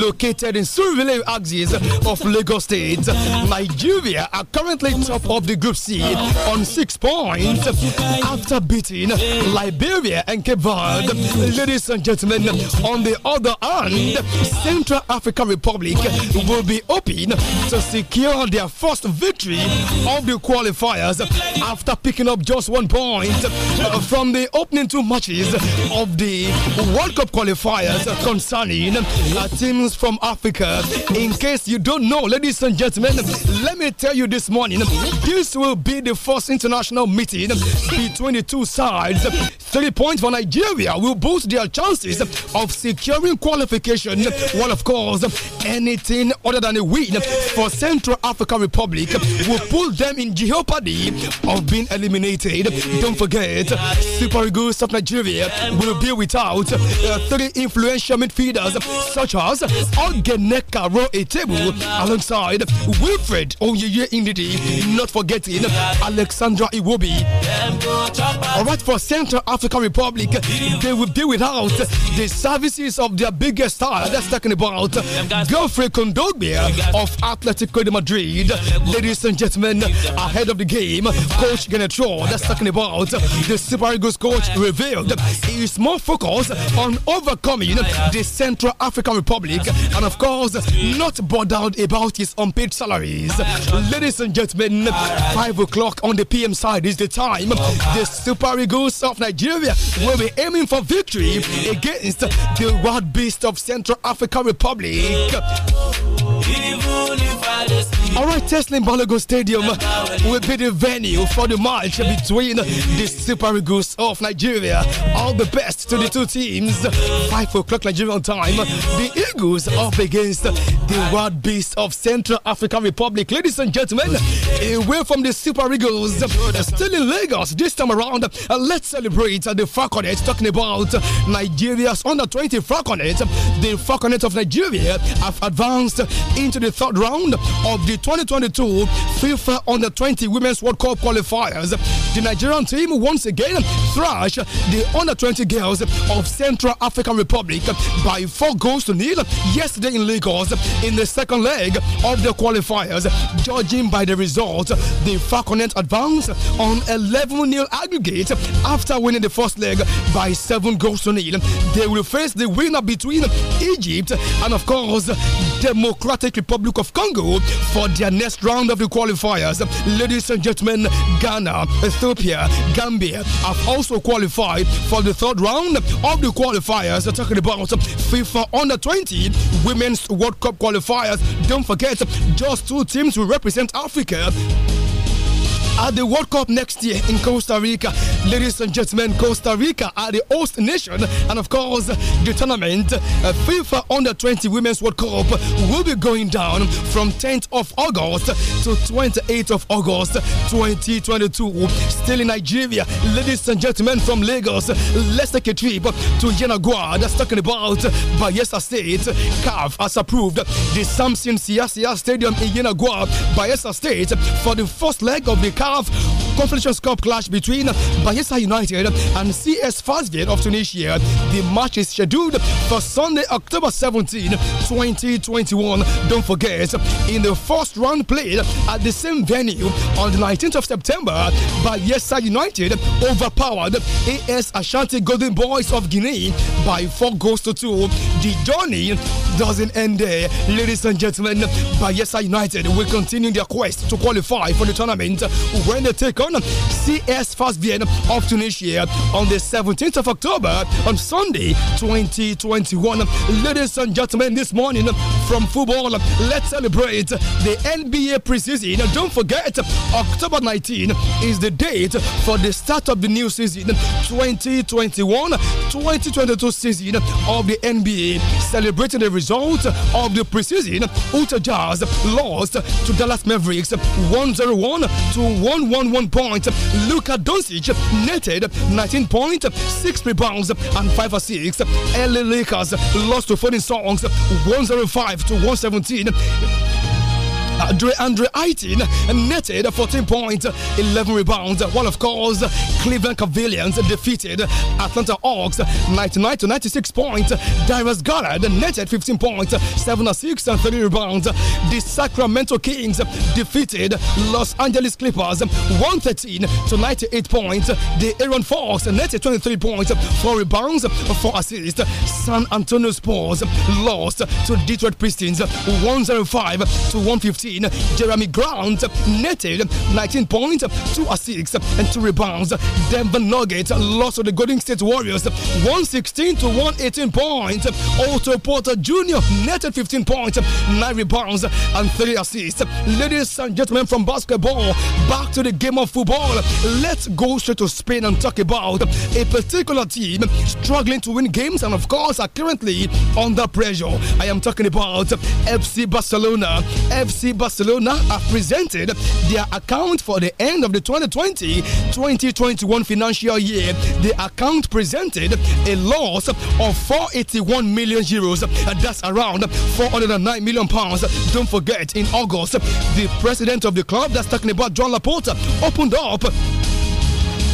located in Surville axis of Lagos State. Nigeria are currently top of the Group C on six points point after beating Liberia and Cape Verde. Ladies and gentlemen, on the other hand, Central African Republic will be hoping to secure their first victory of the qualifiers after picking up just one point from the opening two matches of the World Cup qualifiers concerning uh, teams from Africa. In case you don't know, ladies and gentlemen, let me tell you this morning, this will be the first international meeting between the two sides Three points for Nigeria will boost their chances of securing qualification. Well, of course, anything other than a win for Central African Republic will put them in jeopardy of being eliminated. Don't forget, Super Eagles of Nigeria will be without uh, three influential midfielders such as Ogeneka Roetebu alongside Wilfred Oyeye Indidi, not forgetting Alexandra Iwobi. All right, for Central Africa African Republic, they will be without the services of their biggest star. That's talking about Geoffrey Kondogbia of Atletico de Madrid. Ladies and gentlemen, ahead of the game, Coach Genetro, that's talking about the Super Eagles coach revealed he is more focused on overcoming the Central African Republic and, of course, not bothered about his unpaid salaries. Ladies and gentlemen, 5 o'clock on the PM side is the time the Super Eagles of Nigeria Nigeria will be aiming for victory against the wild beast of Central African Republic. All right, Tesla Balogo Stadium uh, will be the venue for the match between the Super Eagles of Nigeria. All the best to the two teams. 5 o'clock Nigerian time, the Eagles up against the Wild Beasts of Central African Republic. Ladies and gentlemen, away from the Super Eagles, still in Lagos this time around, uh, let's celebrate uh, the It's talking about Nigeria's under 20 Falconet. The Falconet of Nigeria have advanced into the third round of the 2022 FIFA Under 20 Women's World Cup qualifiers. The Nigerian team once again thrashed the Under 20 girls of Central African Republic by four goals to nil yesterday in Lagos in the second leg of the qualifiers. Judging by the result, the Falconet advanced on 11 nil aggregate after winning the first leg by seven goals to nil. They will face the winner between Egypt and, of course, Democratic Republic of Congo for for their next round of the qualifiers. Ladies and gentlemen, Ghana, Ethiopia, Gambia have also qualified for the third round of the qualifiers. We're talking about FIFA Under 20 Women's World Cup qualifiers. Don't forget, just two teams will represent Africa at the World Cup next year in Costa Rica. Ladies and gentlemen, Costa Rica are the host nation, and of course, the tournament uh, FIFA Under 20 Women's World Cup will be going down from 10th of August to 28th of August 2022. Still in Nigeria, ladies and gentlemen from Lagos, let's take a trip to Yenagua. That's talking about Bayelsa State. CAF has approved the Samson Siasia Stadium in Yenagua, Bayelsa State for the first leg of the CAF off Confederations Cup clash between Bayelsa United and CS Fasgate of Tunisia. The match is scheduled for Sunday, October 17, 2021. Don't forget, in the first round played at the same venue on the 19th of September, Bayelsa United overpowered AS Ashanti Golden Boys of Guinea by 4 goals to 2. The journey doesn't end there. Ladies and gentlemen, Bayelsa United will continue their quest to qualify for the tournament when they take on CS first Vienna of Tunisia on the 17th of October on Sunday 2021. Ladies and gentlemen, this morning from football, let's celebrate the NBA preseason. Don't forget, October 19 is the date for the start of the new season 2021 2022 season of the NBA, celebrating the result of the preseason. Utah Jazz lost to Dallas Mavericks 101 to 111 points. Luka Doncic netted 19 points, 6 rebounds, and 5 assists. LA Lakers lost to Foden Songs 105 to 117. Andre Andre Aitin netted 14 points, 11 rebounds, while of course Cleveland Cavaliers defeated Atlanta Hawks 99 to 96 points. Darius Garland netted 15 points, 7 assists and 3 rebounds. The Sacramento Kings defeated Los Angeles Clippers 113 to 98 points. The Aaron Fox netted 23 points, 4 rebounds, 4 assists. San Antonio Spurs lost to Detroit Pistons 105 to 115. Jeremy Grant netted 19 points, 2 assists, and 2 rebounds. Denver Nuggets lost to the Golden State Warriors 116 to 118 points. Otto Porter Jr. netted 15 points, 9 rebounds, and 3 assists. Ladies and gentlemen, from basketball back to the game of football, let's go straight to Spain and talk about a particular team struggling to win games and, of course, are currently under pressure. I am talking about FC Barcelona. FC Barcelona have presented their account for the end of the 2020 2021 financial year. The account presented a loss of 481 million euros. That's around 409 million pounds. Don't forget, in August, the president of the club that's talking about John Laporta opened up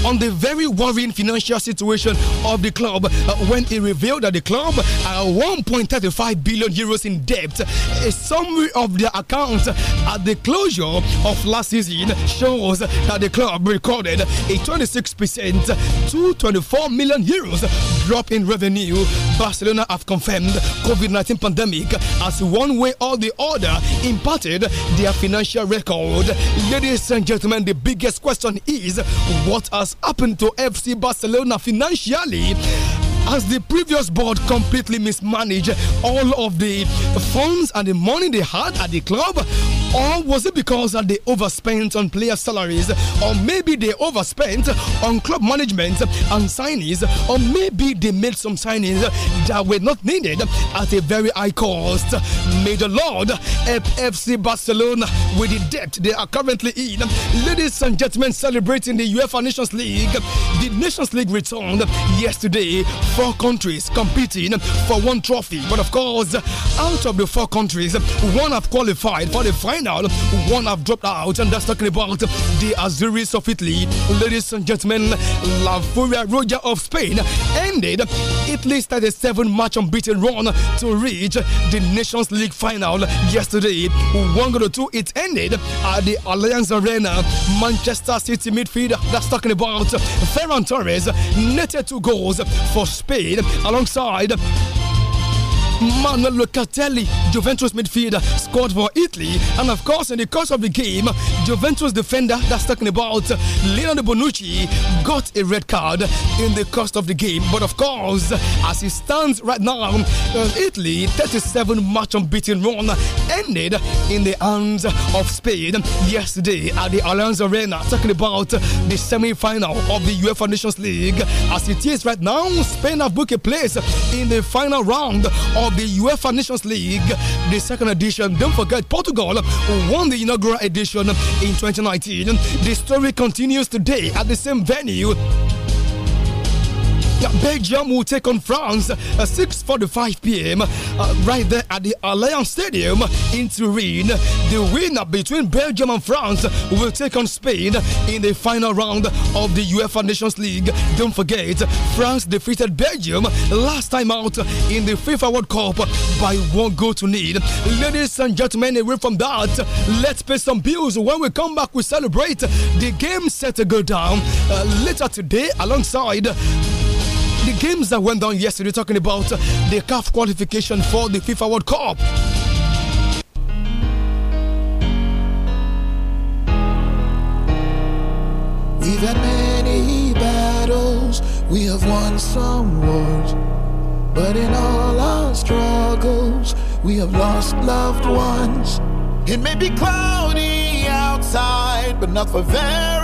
on the very worrying financial situation of the club uh, when he revealed that the club are 1.35 billion euros in debt. A summary of their accounts at the closure of last season shows that the club recorded a 26% 224 million euros drop in revenue. Barcelona have confirmed COVID-19 pandemic as one way or the other impacted their financial record. Ladies and gentlemen, the biggest question is what has happened to FC Barcelona financially as the previous board completely mismanaged all of the funds and the money they had at the club or was it because they overspent on player salaries or maybe they overspent on club management and signings or maybe they made some signings that were not needed at a very high cost may the lord help fc barcelona with the debt they are currently in ladies and gentlemen celebrating the uefa nations league the nations league returned yesterday four countries competing for one trophy. But of course, out of the four countries, one have qualified for the final, one have dropped out, and that's talking about the Azuris of Italy. Ladies and gentlemen, La Furia Roja of Spain ended Italy's 37 match unbeaten run to reach the Nations League final yesterday. 1 to 2, it ended at the Allianz Arena. Manchester City midfielder, that's talking about Ferran Torres, netted two goals for Spain speed alongside Manuel Locatelli, Juventus midfielder, scored for Italy. And of course, in the course of the game, Juventus defender that's talking about Leonardo Bonucci got a red card in the course of the game. But of course, as it stands right now, uh, Italy 37 match unbeaten run ended in the hands of Spain yesterday at the Allianz Arena. Talking about the semi-final of the UEFA Nations League, as it is right now, Spain have booked a place in the final round of the UEFA Nations League, the second edition. Don't forget, Portugal won the inaugural edition in 2019. The story continues today at the same venue. Belgium will take on France at 6:45 p.m. Uh, right there at the Allianz Stadium in Turin. The winner between Belgium and France will take on Spain in the final round of the UEFA Nations League. Don't forget, France defeated Belgium last time out in the FIFA World Cup by one goal to nil. Ladies and gentlemen, away from that, let's pay some bills. When we come back, we celebrate the game set to go down uh, later today alongside the games that went on yesterday, talking about the calf qualification for the FIFA World Cup. We've had many battles, we have won some wars. But in all our struggles, we have lost loved ones. It may be cloudy outside, but not for very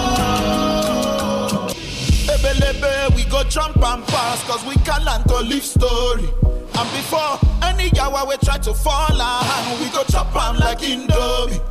we go jump and pass, cause we can learn to live story. And before any yawa we try to fall on, we go chop am like Indomie.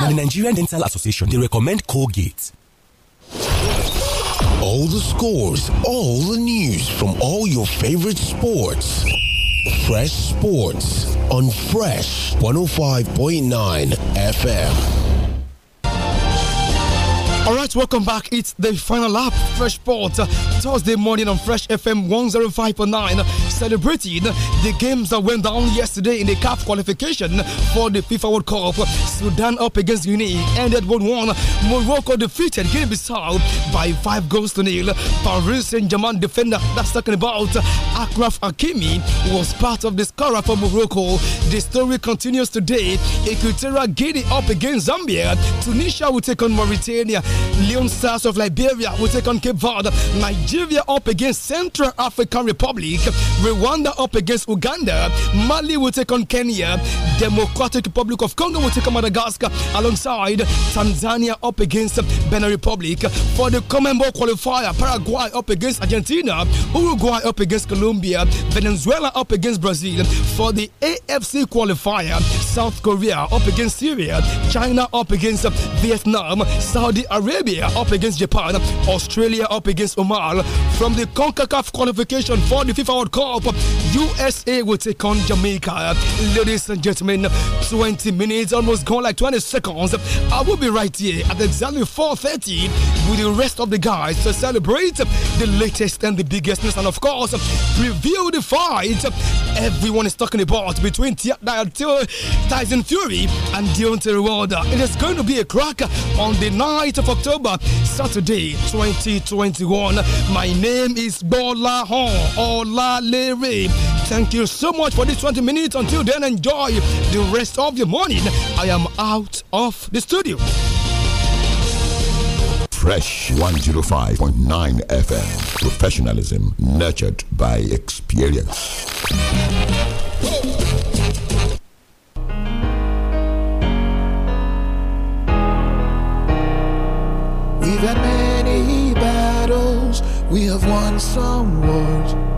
Now, the Nigerian Dental Association, they recommend Colgate. All the scores, all the news from all your favorite sports. Fresh Sports on Fresh 105.9 FM. All right, welcome back. It's the final lap, Fresh Sport, uh, Thursday morning on Fresh FM 105.9, celebrating the games that went down yesterday in the cup qualification for the FIFA World Cup. Sudan up against Guinea, ended 1 1. Morocco defeated Guinea Bissau by 5 goals to nil. Paris Saint Germain defender that's talking about Akraf Akimi was part of the scorer for Morocco. The story continues today. Equatorial Guinea up against Zambia. Tunisia will take on Mauritania. Leon Stars of Liberia will take on Cape Verde. Nigeria up against Central African Republic. Rwanda up against Uganda. Mali will take on Kenya. Democratic Republic of Congo will take on Madagascar alongside Tanzania up against Benin Republic. For the Commonwealth qualifier, Paraguay up against Argentina. Uruguay up against Colombia. Venezuela up against Brazil. For the AFC qualifier, South Korea up against Syria. China up against Vietnam. Saudi Arabia Arabia up against Japan, Australia up against Oman. From the CONCACAF qualification for the FIFA World Cup, USA will take on Jamaica. Ladies and gentlemen, 20 minutes, almost gone like 20 seconds. I will be right here at exactly 4.30 with the rest of the guys to celebrate the latest and the biggest news. And of course, preview the fight everyone is talking about between Tyson Fury and Deontay Wilder. It is going to be a crack on the night of October, Saturday, 2021. My name is Bola Hon Ola Lere. Thank you so much for this 20 minutes. Until then, enjoy the rest of the morning. I am out of the studio. Fresh 105.9 FM. Professionalism nurtured by experience. We've had many battles, we have won some wars.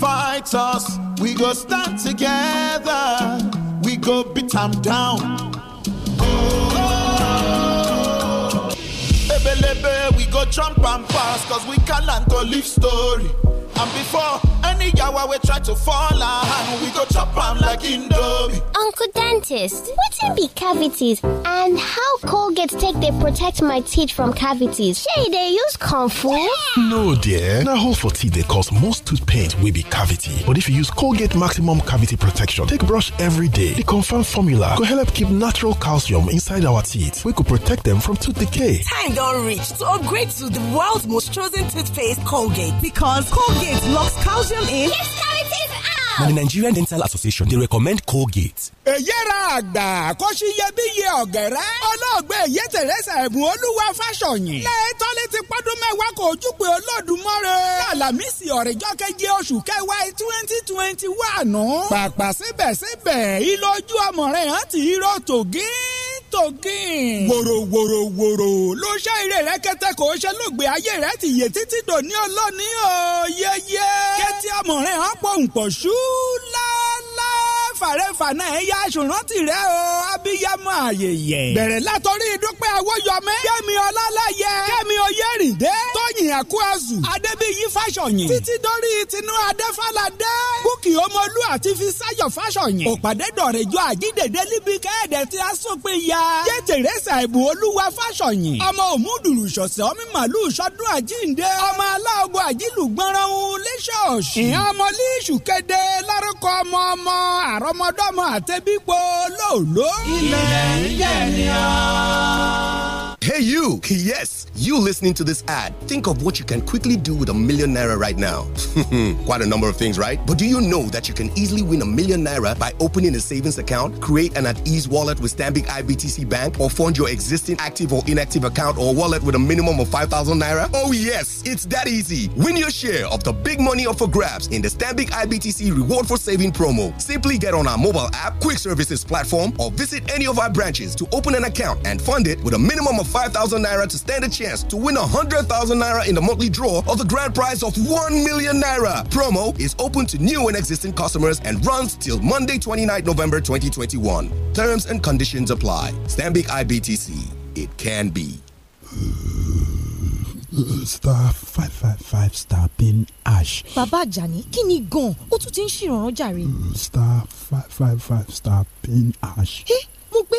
fight us, we go stand together, we go beat them down. Oh, Ebelebe, we go jump and pass, cause we can't learn to live story. And before any yawa we try to fall and we go chop like indomie. Uncle Dentist, in be cavities and how Colgate take they protect my teeth from cavities? Say they use comb No dear, Now, hole for teeth they cause most tooth pain will be cavity. But if you use Colgate Maximum Cavity Protection take brush every day, the confirmed formula could help keep natural calcium inside our teeth We could protect them from tooth decay. Time don't reach to upgrade to the world's most chosen toothpaste Colgate because Colgate locks calcium in again? Yes, now the oh. Nigerian Dental Association, they recommend Colgate. èyẹ́ra àgbà àkọ́ṣí iyebíye ọlọ́ọ̀gbẹ́ èyẹ tẹ̀rẹ́sà ẹ̀bùn olúwa fásọ̀yìn lẹ́ẹ̀tọ́lé ti pọ́dún mẹ́wàá kò júpè olódùmọ́re lálàmísì ọ̀rẹ́jọ́ keje oṣù kẹwàá twenty twenty one. pàpà síbẹ̀síbẹ̀ ìlójú ọmọ rẹ̀ hàn tí rò tògé tògìn. wòrò wòrò wòrò ló ṣe ire rẹ kẹtẹ kò ṣe lóògbé ayé rẹ ti yè títí dòní ọlọ́ni o yẹyẹ. kẹtí àmọ̀rẹ́ hàn pọ̀ ń pọ̀ ṣú lálá fàrẹ́fà náà ẹ̀ yá aṣùnrán tìrẹ o abiyamọ àyèyẹ. bẹ̀rẹ̀ látọrí dúpẹ́ awọ́yọmẹ́. kẹ́mi ọlálẹ́yẹ kẹ́mi oyèrìndé. tó adéníyìn akúazù adébíyí fásọyìn títí dórí tinú adéfàládé búkì ọmọlú àti fisáyọ̀ fásọyìn òpàdé dọ̀rẹ́jọ àjídèdè níbi kẹ́ẹ̀dẹ̀ tí a sún pé ya jẹ́ tèrèsà ìbò olúwa fásọyìn ọmọ òmùdùrù ṣọ̀ṣẹ̀ ọmọ màlúù ṣọdún àjíǹde ọmọ aláàbò àjílù gbọ́nrán lẹ́ṣọ̀ọ̀ṣì ìyá ọmọ líṣù kéde lárúkọ ọmọ Hey, you! Yes, you listening to this ad. Think of what you can quickly do with a million naira right now. [laughs] Quite a number of things, right? But do you know that you can easily win a million naira by opening a savings account, create an at ease wallet with Stanbic IBTC Bank, or fund your existing active or inactive account or wallet with a minimum of 5,000 naira? Oh, yes, it's that easy. Win your share of the big money up for grabs in the Stanbic IBTC Reward for Saving promo. Simply get on our mobile app, quick services platform, or visit any of our branches to open an account and fund it with a minimum of 5,000 naira to stand a chance to win 100,000 naira in the monthly draw of the grand prize of 1 million naira. Promo is open to new and existing customers and runs till Monday, 29 November 2021. Terms and conditions apply. Stanbic IBTC. It can be. [sighs] star five five five star pin ash. bàbá àjàní kí ni gan-an ó tún ti ń ṣèrànràn jàre. star five five five star pin ash. ẹ mo gbé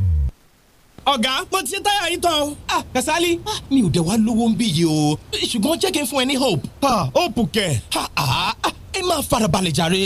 ọ̀gá mo ti ṣe táyà yín tán o. Ah, Kasali ah, mi ò dẹ̀ wá lówó ń bí yìí o ṣùgbọ́n jẹ́ kí n fún ẹ ní hope. Ah, hope kẹ̀. ẹ máa farabalẹ̀ jàre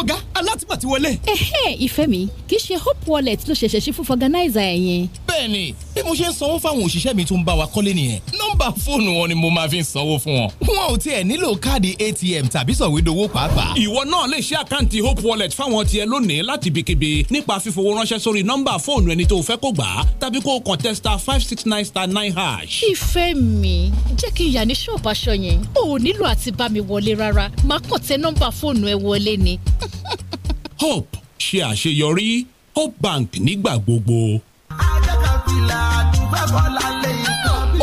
ọ̀gá alátìmọ̀ ti wọlé. ẹ̀hẹ́ ìfẹ́ mi kì í ṣe hope wallet ló ṣẹ̀ṣẹ̀ ṣe fún fọganáìzà ẹ̀ yẹn. bẹ́ẹ̀ni bí mo ṣe ń sanwó fáwọn òṣìṣẹ́ mi tó ń bá wa kọ́lé nìyẹn nọ́mbà fóònù wọn ni mo máa fi ń sanwó fún wọn. wọn ò tiẹ̀ nílò káàdì atm tàbí sọ̀wédowó pàápàá. ìwọ náà lè ṣe àkáǹtì hope wallet fáwọn tiẹ̀ lónìí láti ibikíbi nípa fífowó ránṣẹ́ sórí nọ́mbà fóònù ẹni tó fẹ́ kó gbà á tàbí kó kọ̀ǹtẹ́ star five six nine star nine hash. ìfẹ́ mi jẹ́ kí n yà ní ṣọ́ọ̀bù aṣọ yẹn o ò nílò àti bá mi wọlé rárá màá kàn tẹ nọ́mbà fóònù ẹ wọlé ni hope ṣe àṣeyọrí hope bank nígbà gbogbo. ajá kan fìlà àdúgbò bọ́lá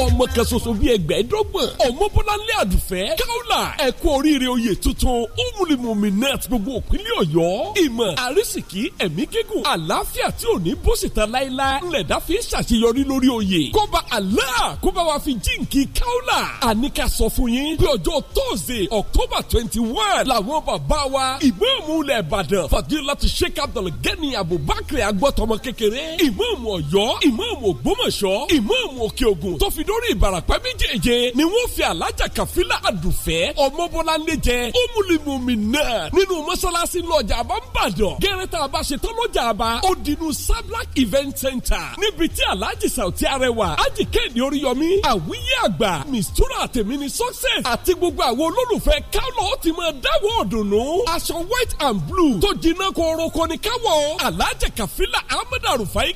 ọmọ kan ṣoṣo bíi ẹgbẹ̀ẹ́dọ́gbọ̀n ọmọbọ́láńlé àdùfẹ́ káwùlà ẹ̀kọ́ oríire oyè tuntun umulimumi net gbogbo òpínlẹ̀ ọ̀yọ́ ìmọ̀ àrísìkí ẹ̀mí gígùn àlàáfíà tí ò ní bó síta láéláé ńlẹ̀dá fi ń ṣàṣeyọrí lórí oyè kọ́ba Allah kó bá wa fi jíǹkì káwùlà àníkà sọ fún yín bí ọjọ́ tóòzè October twenty one làwọn bàbá wa ìmáàmù ilẹ̀ Ìbàdàn Fadilatu Sheikh Abdulgani Abubakar agbọ́tọmọ kékeré ìmáàmù Ọ̀yọ́ ìmáàmù Ògbómọ̀ṣọ́ ìmáàmù Òkè Ògùn tó fi dó lórí ìbàràpá méjèèje ni wọ́n fi alájà kàfílà àdùfẹ́ ọmọbọ́láńdé jẹ ọmúlimùmí náà nínú mọ́ṣáláṣí lọ́jà àbá ń bàdàn gẹ́rẹ́tà àbá ṣetán lọ́jà àbá ó dinú sablak event center níbi tí alájì sàùtí arẹwà ájì oríyọmí àwíyé àgbà mistura gbogbo àwọn olólùfẹ́ kálọ̀ ti máa dáwọ́ ọ̀dùnnú aṣọ white and blue tó jiná koroko ni káwọ́ alájà kàfílà ahmed arufai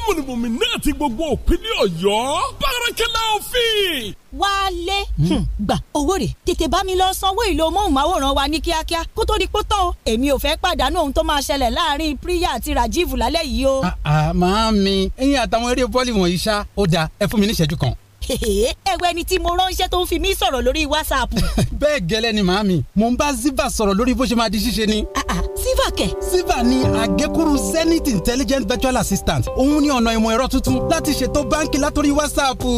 ọmọnìmọ̀mí náà ti gbogbo òpinlẹ̀ ọ̀yọ́ bárakẹ́lá òfin. wálé hmm. gbà owó rẹ̀ tètè bá mi lọ sanwó ìlò móhùnmáwòrán wa ní kíákíá kó tó di pé tán èmi ò fẹ́ pàdánù ohun tó máa ṣẹlẹ̀ láàrin Priya àti Rajiv lálẹ́ yìí o. Ah, ah, màámi ẹ̀yin àtàwọn eré bọ́ọ̀lì wọ̀nyí ṣá ó dáa ẹ fún mi ní ìṣẹ́jú kan ẹ̀wẹ̀ ni tí mo ránṣẹ́ tó ń fi mí sọ̀rọ̀ lórí wásaapù. [laughs] bẹ́ẹ̀ gẹ́lẹ́ ni màámi mò ń bá ziva sọ̀rọ̀ lórí bó ṣe máa di ṣíṣe ni. Ah, ah, ziva kẹ̀. ziva ni àgékúrú zenith intelligent virtual assistant òun ni ọ̀nà ìmọ̀ ẹ̀rọ tuntun láti ṣètò báńkì látòrí wásaapù.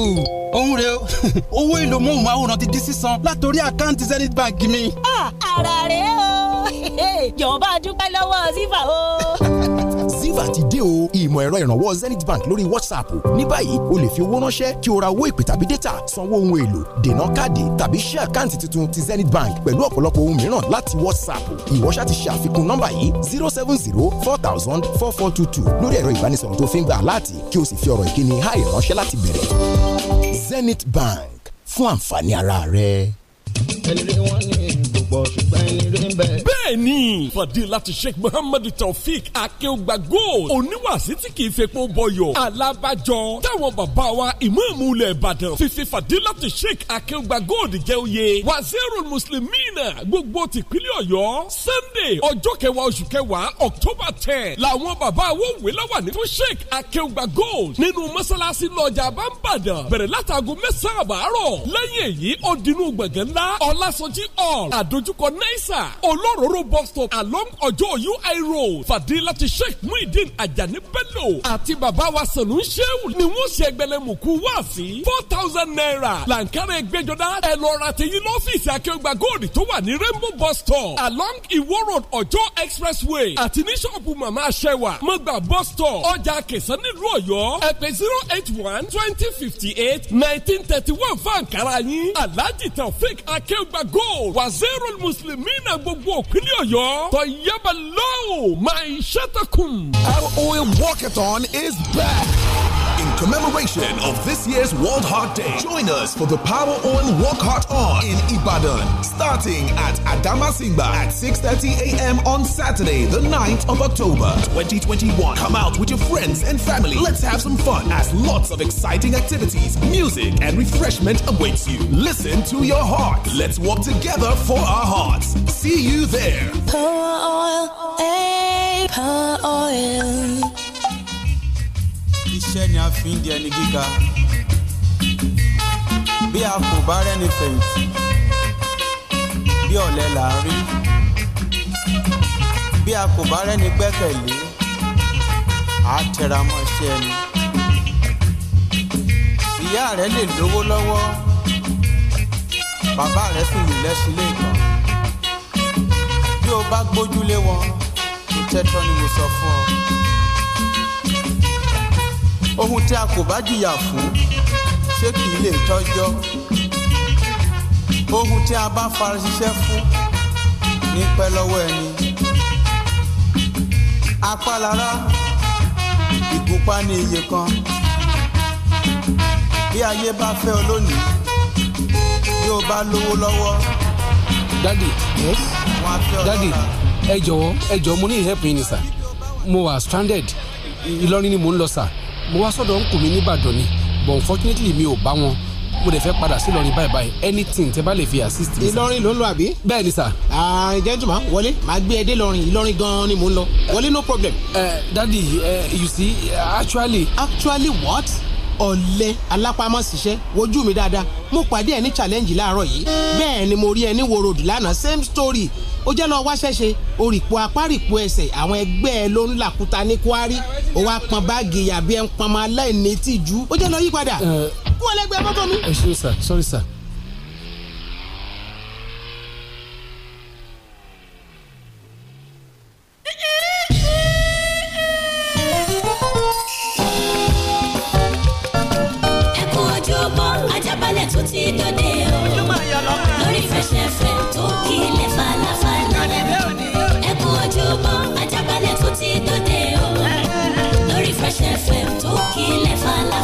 òun rè o [laughs] owó ìlò móhùnmáwòrán ti di sísan látòrí àkáǹtì zenith bank mi. Ah, ara rẹ̀ o [laughs] jọ̀ọ́ bá dúpẹ́ lọ́wọ́ ziva o. ziva ti dé o ì ìmọ̀ ẹ̀rọ ìrànwọ́ Zenith Bank lórí WhatsApp ní báyìí o lè fi owó ránṣẹ́ kí o ra owó ìpè tàbí data sanwó ohun èlò dènà káàdì tàbí ṣí àkáǹtì tuntun ti Zenith Bank pẹ̀lú ọ̀pọ̀lọpọ̀ ohun mìíràn láti WhatsApp ìwọ ṣá ti ṣe àfikún nọ́mbà yìí zero seven zero four thousand four four two two lórí ẹ̀rọ ìbánisọ̀rọ̀ tó fi ń gba aláàtì kí o sì fi ọ̀rọ̀ ìkíni háì ránṣẹ́ láti bẹ̀rẹ̀ Zenith Bank fún àǹfààní ara rẹ. ẹni bẹ́ẹ̀ni fadilati sheikh muhammadu taofik akeugba gold oníwàsí tí kìí fepo bọyọ alábàjọ táwọn bàbá wa ìmáàmù ilẹ̀ ìbàdàn fífi fadilati sheikh akeugba gold jẹ́ oyè wazirul muslimina gbogbo tìpínlẹ̀ ọ̀yọ́ sunday ọjọ́ kẹwàá oṣù kẹwàá october ten làwọn bàbá wo wé lọ́wọ́ ní fún sheikh akeugba gold nínú mọ́sálásí lọ́jà àbámbàdàn bẹ̀rẹ̀ látàgọ́ mẹ́sàn-án àbárọ̀ lẹ́yìn èyí ó dinú gbọ̀ngàn ńlá ọlásọjí hall àdójúkọ náísà olóró Àkóró bus stop along ọjọ́ UI road Fadilati Sheikh Muhyiddin Ajani Bello àti bàbá wa Sanu Shehu ni wọ́n ṣe ẹgbẹ̀lẹ́mùkú wá sí four thousand naira làǹkàrà ẹgbẹ́jọdá ẹ lọ ra tẹ̀yìn lọ́fíìsì Akérògbà Gold tó wà ní Rainbow bus stop along Iwo road ọjọ́ expressway àti ní ṣọ́ọ̀bù màmá aṣẹ́wà mọ́gbà bus stop ọjà kẹsàn-án nílùú Ọ̀yọ́ ẹ̀pẹ̀ zero eight one twenty fifty eight nineteen thirty one fún àǹkàrà yín Alhaji Taofik Akérògbà Gold wazirul muslimina gbogbo òpin ìpínlẹ̀ ọ̀yọ́ tọ̀yẹ́bà máa ṣètò kùn. our oil walkathon is back commemoration of this year's World Heart Day. Join us for the Power On Walk Heart On in Ibadan, starting at Adamasimba at 6.30 a.m. on Saturday, the 9th of October, 2021. Come out with your friends and family. Let's have some fun as lots of exciting activities, music, and refreshment awaits you. Listen to your heart. Let's walk together for our hearts. See you there. Power Oil, hey, eh, Power Oil. iṣẹ́ ni a fi ń di ẹni gíga bí a kò bá rẹ́ni fẹ̀yìntì bí ọ̀lẹ là ń rí bí a kò bá rẹ́ni gbẹ́kẹ̀lé à á tẹra mọ́ iṣẹ́ ẹni ìyá rẹ lè lówó lọ́wọ́ bàbá rẹ sì lù lẹ́sìn lè gbọ́n bí o bá gbójúlé wọn ìtẹ́tọ́ ni mo sọ fún ọ ohun tí a kò bá jìyà fún ṣé kì í lè tọ́jọ́ ohun tí a bá fara ṣiṣẹ́ fún ní pẹ́ lọ́wọ́ ẹni apálára ìgúnpá ní iye kan bí ayé bá fẹ́ ọ lónìí bí o bá lówó lọ́wọ́. dadi dadi ẹ jọ̀wọ́ ẹ jọ̀wọ́ mo ní help yín ni sir mo wà stranded Ìlọrin ni mò ń lọ sir mo wá sọ́dọ̀ ń kù nìbàdàn ni but unfortunately mi ò bá wọn mo dẹ̀ fẹ́ padà sí Ìlọrin báyìí báyìí anything tẹ́ bá lè fi assist mi. Ìlọrin ló ń lọ àbí. bẹ́ẹ̀ ni sà. gentleman wọlé màá gbé ẹ dé Ìlọrin Ìlọrin gan ni mò ń lọ wọlé no problem. Uh, daddy eh, you see actually. actually what? ọ̀lẹ alápámọ́síṣẹ́ wojú mi dáadáa mo pàdé ẹ challenge láàárọ̀ yìí bẹ́ẹ̀ ni mo rí ẹ wo road lánàá same story ó jẹ́ lọ́ọ́ wáṣẹ́ṣe orìpọ̀ apárìpọ̀ ẹsẹ̀ àwọn ẹgbẹ́ ẹ ló ń làkúta ní kwari ó wá pọn báàgì yàbí ẹ ń pọn ọmọ aláìní tìjú ó jẹ́ lọ́ọ́ yípadà kú ọlẹ́gbẹ́ mọ́tò mi. ẹ ṣe sà sorry sà ti dòde o eh, eh, eh. lórí Fresh FM tó kílẹ̀ falafel.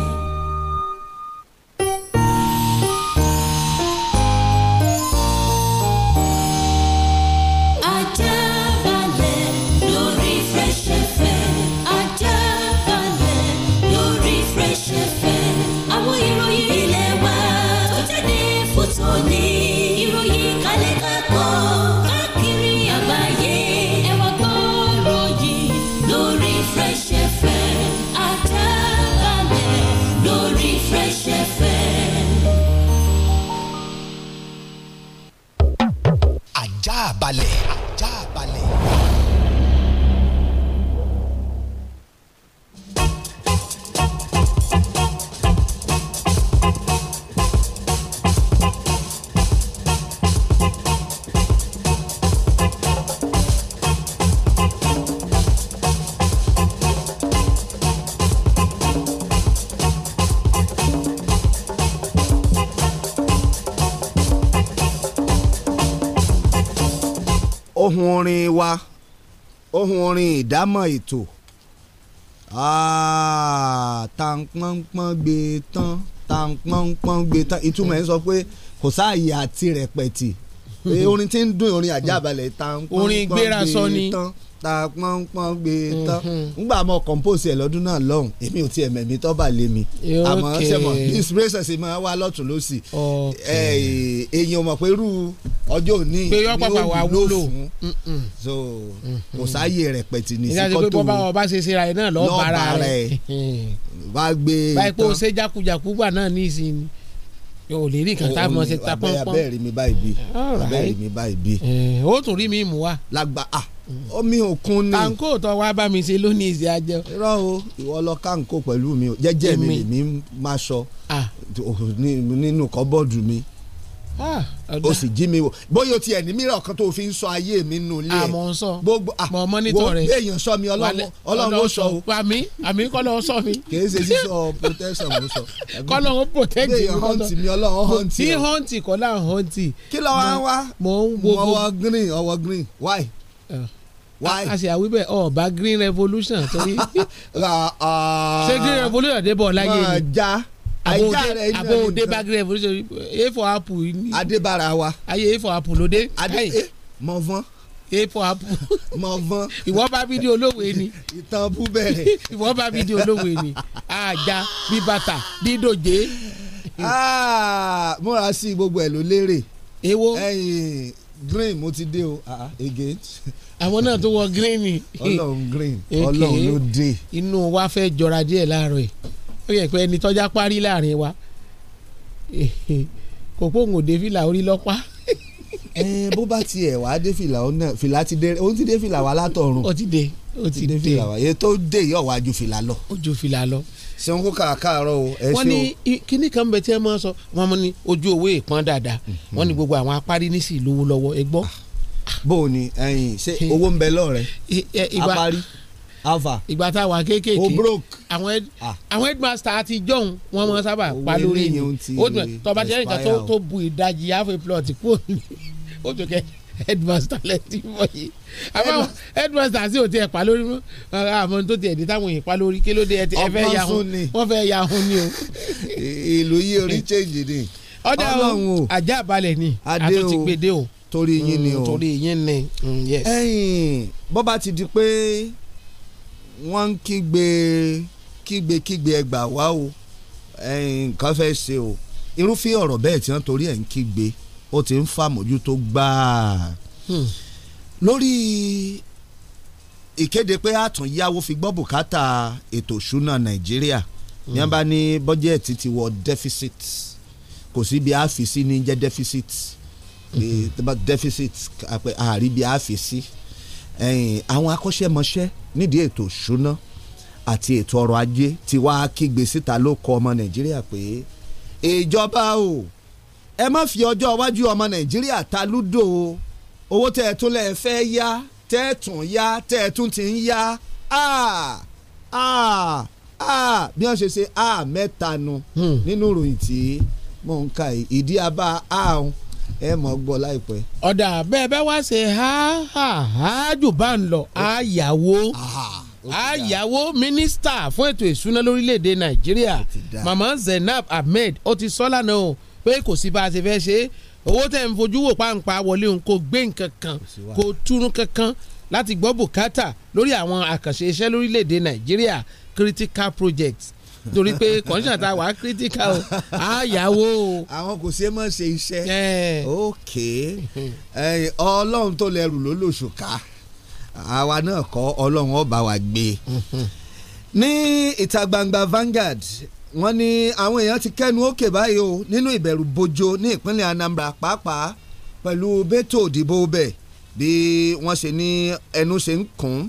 ohun orin wa ohun orin ìdámọ̀ ètò ah, tàǹpọ̀npọ̀n gbé tán tàǹpọ̀npọ̀n gbé tán ìtumọ̀ ẹ̀ sọ pé kò sáàyè àti rẹpẹtì orin tí ń dún orin àjábalẹ̀ tàǹpọ̀npọ̀n gbé ni ta pọ́npọ́n gbé e tán ngbà mhm. mọ́ compose ẹ̀ lọ́dún náà lọ́hùn èmi ò tiẹ̀ mẹ̀mí tọ́ bà lé mi àmọ́ sẹ́mọ̀ inspiration sì máa wá lọ́tún lọ́sì èèyàn mọ̀ pé irú ọjọ́ òní ni ó wúlò fún so kò sáyè rẹ̀ pẹ̀tì ní sí kọ́tò ìdájọ́ pé bọ́ba ṣe ṣe ra ẹ̀ náà lọ́ọ́ bara rẹ̀ bá [laughs] gbé e tán báyìí pé o ṣe jákujàku gbà náà ní ìsìn o lè rí nǹkan tá ṣe ta pọ́npọ́n abẹ́rẹ́ mi báyìí bí abẹ́rẹ́ mi báyìí bí. ó eh, tún rí mi mú wa. lágbà ah omi òkun ni. kàǹkó tó wá bá mi ṣe lónìí ìṣe ajẹ. irọ́ o ìwọ lọ kàǹkó pẹ̀lú mi o jẹ́jẹ́ mi lèmi máa sọ nínú kọ́bọ́ọ̀dù mi o sì jí mi wò bóyá o tiẹ̀ ní mìíràn kan tó fi ń sọ ayé mi nù lé ẹ̀ àmọ́ ń sọ gbogbo àmọ́ mọ́nítọ̀ rẹ̀ wo èèyàn sọ mi ọlọ́run ó sọ o. àmì àmì kọ́lọ́ ó sọ mi. kìí ṣe sísọ protection mo sọ. [laughs] kọ́lọ́ ó protect mi. béèyàn họ́ǹtì mi ọlọ́run họ́ǹtì. tí họ́ǹtì kọ́lá họ́ǹtì. kí lọ wá wá mo ń wo ọwọ́ green ọwọ́ green why. Uh why. a ṣe àwíbẹ̀ ọba oh, green revolution torí. [laughs] ṣé green revolution dé bọ̀ láyé ni. ja ajá rẹ iná àbò òde bá green revolution a for apple. adébára wa. ayé a for apple lóde. adé eh, mọ̀ vọ́n epo apu. [laughs] mọ vọn. ìwọ bá mi di olówó ni. [laughs] ìtàn bú bẹ̀rẹ̀. ìwọ bá mi di olówó ni. àjà bíbàtà dídòjé. Ah, múra sí gbogbo ẹ̀ ló lérè. Ewo. ẹyin green mo ti dé o ah, ah, again àwọn náà tó wọ green ni. ọlọ́run green [laughs] ọlọ́run ló dé. inú wa fẹ́ jọra díẹ̀ láàárọ̀ yìí ó yẹ pé ẹni tọ́já parí láàrin wa [laughs] kò póhùn òde fìlà orí lọ́pá. [laughs] bó bá tiẹ̀ wá dé fìlà ọ̀nà fìlà ti dé òun ti dé fìlà wa látọ̀run. ó ti dé ó ti dé fìlà wa èyí tó dé yìí ọ̀wá ju fìlà lọ. ó ju fìlà lọ. ṣé wọn kó kàkàrọ o ẹ ṣe o. wọ́n ní kíní kan bẹ tí ẹ máa sọ wọ́n ní ojú owó ìpọ́n dáadáa mm-hmm. wọ́n ní gbogbo àwọn apárí nísì lówó lọ́wọ́ ẹ gbọ́. Ah bó o ní ẹ̀yìn ṣé owó ń bẹ lọ́rẹ̀ apárí alpha ìgbà tá a wà kéékèèké o broke àwọn ah. àwọn headmaster àti john wọn mọ sábà pa lórí ni o tún tọba jẹ nǹkan tó tó bu ìdajì half a plot kúrò ní o tún kẹ headmaster lẹ́tí mọ̀ yìí àmọ́ headmaster sì ò tiẹ̀ pa lórí mọ́ àmọ́ tó tiẹ̀ dé táwọn èèyàn pa lórí kí ló dé ẹ fẹ́ ya hun wọ́n fẹ́ ya hun ni o. ìlú yìí orí change ni ọjà ọlọ́run o ajá balẹ̀ ni àtúntì gbèdé o torí yín ni mm, o torí yín ni mm, yes. ẹ̀yin bó bá ti di pé wọ́n ń kígbe kígbe kígbe ẹgbà wá o ẹ̀yin nǹkan fẹ́ ṣe o irúfẹ́ ọ̀rọ̀ bẹ́ẹ̀ tí wọ́n torí ẹ̀ ń kígbe ó ti ń fa àmójútó gbáà hmm. lórí ìkéde pé àtún yáwó fi gbọ́ bùkátà ètò ìṣúná nàìjíríà ní hmm. wọ́n bá ní bọ́jẹ̀tì ti wọ deficit kò sí bí a fi sí ní jẹ́ deficit. Hmm pé deficit àríbi àfẹ́sí àwọn akọ́ṣẹ́mọṣẹ́ nídìí ètò ìṣúná àti ètò ọrọ̀ ajé ti wá kígbe síta ló kọ ọmọ nàìjíríà pé ìjọba o ẹ má fi ọjọ́ iwájú ọmọ nàìjíríà ta lúdò o owó tẹ́ ẹ tún lẹ́ fẹ́ yá tẹ́ ẹ tún yá tẹ́ ẹ tún ti ń yá bí wọ́n ṣe ṣe mẹ́ta nu hmm. nínú ìròyìn tí mò ń ka ìdí abá àrùn ẹ mọ̀ gbọ́ láìpẹ́. ọ̀dà bẹ́ẹ̀ bẹ́ẹ̀ wá ṣe ha ha ha jù bá ń lọ àyàwó àyàwó mínísítà fún ètò ìṣúná lórílẹ̀‐èdè nàìjíríà mama zainab ahmed ó ti sọ lánàá o pé kò sí bá a ṣe fẹ́ ṣe owó tẹ̀ ń fojú wò páńpá wọlé òun kò gbé nǹkan kan kò túrún kankan láti gbọ́ bùkátà lórí àwọn àkànṣe iṣẹ́ lórílẹ̀‐èdè nàìjíríà critical projects torí pé kọ́ńtà tá a wà á kírítíkà o á yàwó o. àwọn kò ṣe é mọ̀ ṣe iṣẹ́ ok ọlọ́run tó lẹ́rù ló lòṣù ká àwa náà kọ́ ọlọ́run ọba wa gbé ní ìta gbangba Vanguard wọ́n ní àwọn èèyàn ti kẹ́nu òkè báyìí o nínú ìbẹ̀rù bojo ní ìpínlẹ̀ Anambra pàápàá pẹ̀lú bẹ́tò òdìbò bẹ̀ bí wọ́n ṣe ní ẹnu ṣe ń kún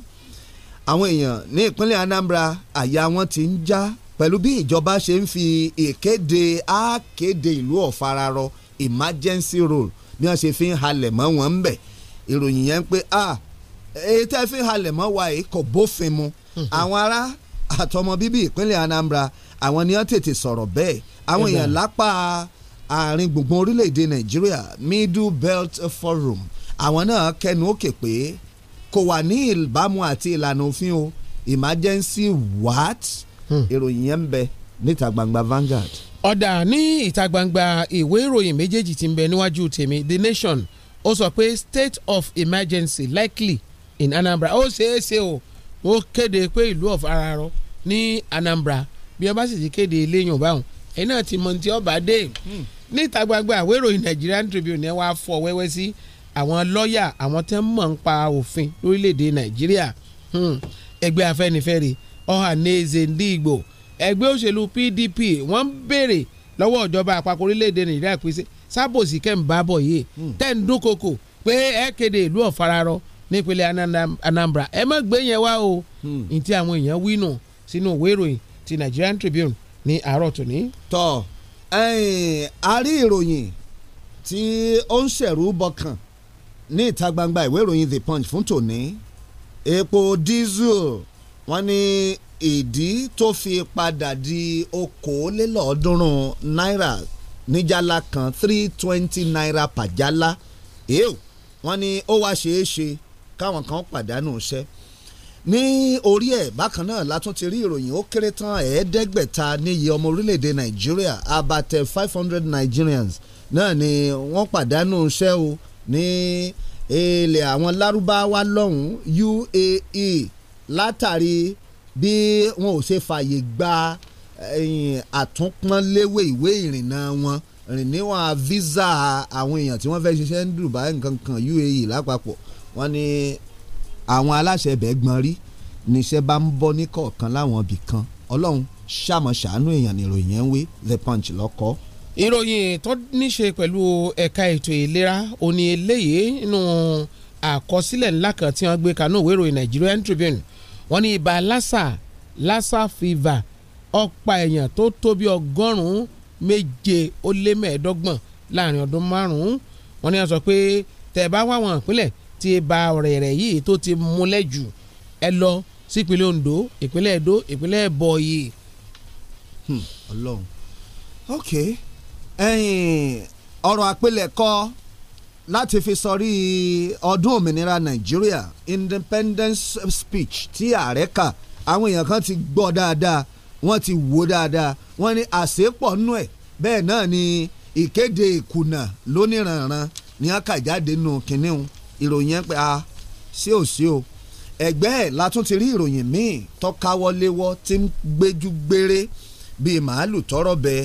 àwọn èèyàn ní ìpínlẹ̀ Anambra àyà wọn ti ń já pẹ̀lú bí ìjọba ṣe ń fi ìkéde àkéde ìlú ọ̀fararọ emergency rule bí wọ́n ṣe fi ń halẹ̀ mọ́ wọn ń bẹ̀ ìròyìn yẹn ń pé ah èyí tẹ́ fi ń halẹ̀ mọ́ wa yìí kò bófin mu [laughs] àwọn ará àtọmọ bíbí ìpínlẹ̀ Anambra àwọn ni wọ́n tètè sọ̀rọ̀ bẹ́ẹ̀ àwọn èèyàn lápá àárín gbùngbùn orílẹ̀-èdè Nàìjíríà Middle Belt Forum àwọn náà kẹnu òkè pé kò wà ní ìbámu àti ìlànà òfin o emergency what? ìròyìn yẹn ń bẹ níta gbangba Vanguard. ọ̀dà ní ìta gbangba ìwé ìròyìn méjèèjì tí ń bẹ níwájú tèmi The Nation ó sọ pé state of emergency likely in Anambra ó ṣeé ṣe o ó kéde pé ìlú of Araro ní Anambra bí wọ́n bá sì ti kéde eléyìn báwọn ẹ̀yin náà ti mọ ní ti ọba dé hmm. níta gbangba ìwé ìròyìn Nigerian Tribune ẹ̀ wá fọ wẹ́wẹ́ sí àwọn lọ́ọ̀yà àwọn tẹ́ ń mọ̀ ń pa òfin lórílẹ̀‐èdè Nàìjíríà hmm. ẹgbẹ́ Afẹ́nifẹ́re hmm ọ̀hánẹ́ẹ̀zẹ̀ ndị Igbo ẹgbẹ́ òṣèlú PDP wọ́n ń béèrè lọ́wọ́ ìjọba àpapọ̀ orílẹ̀-èdè Nàìjíríà pé sábòsì kẹ́ǹbàbọ̀ yìí tẹ̀ ń dúnkokò pé ẹ kéde ìlú ọ̀fararọ nípínlẹ̀ Anambra ẹ má gbé yẹn wá o hmm. ntí àwọn èèyàn wínú sínú ìwé ìròyìn ti Nigerian Tribune ní àárọ̀ tòní. tọ́ a rí ìròyìn tí ó ń ṣẹ̀rú bọkàn ní ìta gbangba ìwé ìròyìn The Punch fún tòní epo diesel wọ́n ní ìdí tó fi padà di okòólélọ́ọ̀ọ́dúnrún náírà níjàlá kan three twenty naira pàjálá èèw wọ́n ní ó wá ṣeé ṣe káwọn kan pàdánù iṣẹ́ ní orí ẹ̀ bákan náà látún ti rí ìròyìn ó kéré tán ẹ̀ẹ́dẹ́gbẹ̀ta níye ọmọ orílẹ̀‐èdè nàìjíríà abatẹ five hundred nigerians náà ni wọ́n pàdánù iṣẹ́ o ní ilẹ̀ àwọn lárúbáwá lọ́hùn-ún UAE látàrí bí wọn ò ṣe fààyè gba àtúnpọ́nléwé ìwé ìrìnnà wọn rìn níwọ̀n visa àwọn èèyàn tí wọ́n fẹ́ ṣiṣẹ́ ní Dubai nǹkan kan UAE lápapọ̀ wọ́n ní àwọn aláṣẹ ẹ̀bẹ̀ gbọ́n rí níṣẹ́ bá ń bọ́ ní kọ̀ọ̀kan láwọn ibì kan ọlọ́run ṣàmọ̀ ṣàánú èèyàn níròyìn ẹ̀ ń wé The Punch lọ́kọ́. ìròyìn tó níṣe pẹ̀lú ẹ̀ka ètò ìlera òní eléyìí nínú àkọsílẹ̀ ńlá kan tí wọ́n gbé kanú ìwé ìròyìn Nigerian Tribune wọ́n ní ibà lassa lassa fever ọ̀pá èèyàn tó tó bí ọgọ́rùn-ún méje ó lé mẹ́ẹ̀ẹ́dọ́gbọ̀n láàrin ọdún márùn-ún wọ́n ní wọ́n sọ pé tẹ̀ bá wà wọn ìpínlẹ̀ tí ibà ọ̀rẹ̀rẹ̀ yìí tó ti múlẹ̀ jù ẹ lọ sípínlẹ̀ Ondo ìpínlẹ̀ Edo ìpínlẹ̀ Bọ̀yì. Hmm, Ọlọ́run ok ọ̀rọ̀ àpilẹ̀kọ láti fi sọrí ọdún òmìnira nàìjíríà independence speech tí ààrẹ kà àwọn èèyàn kan ti gbọ́ dáadáa wọ́n ti wò dáadáa wọ́n ní àṣepọ̀ nú ẹ̀ bẹ́ẹ̀ náà ni ìkéde ìkùnà lóníranran ni a kà jáde nù kìnìún ìròyìn ẹ̀ a ah, sí ò sí o ẹ̀gbẹ́ ẹ̀ la tún ti rí ìròyìn míì tọ́káwọléwọ́ tí ń gbéjú gbére bíi màálù tọrọ bẹ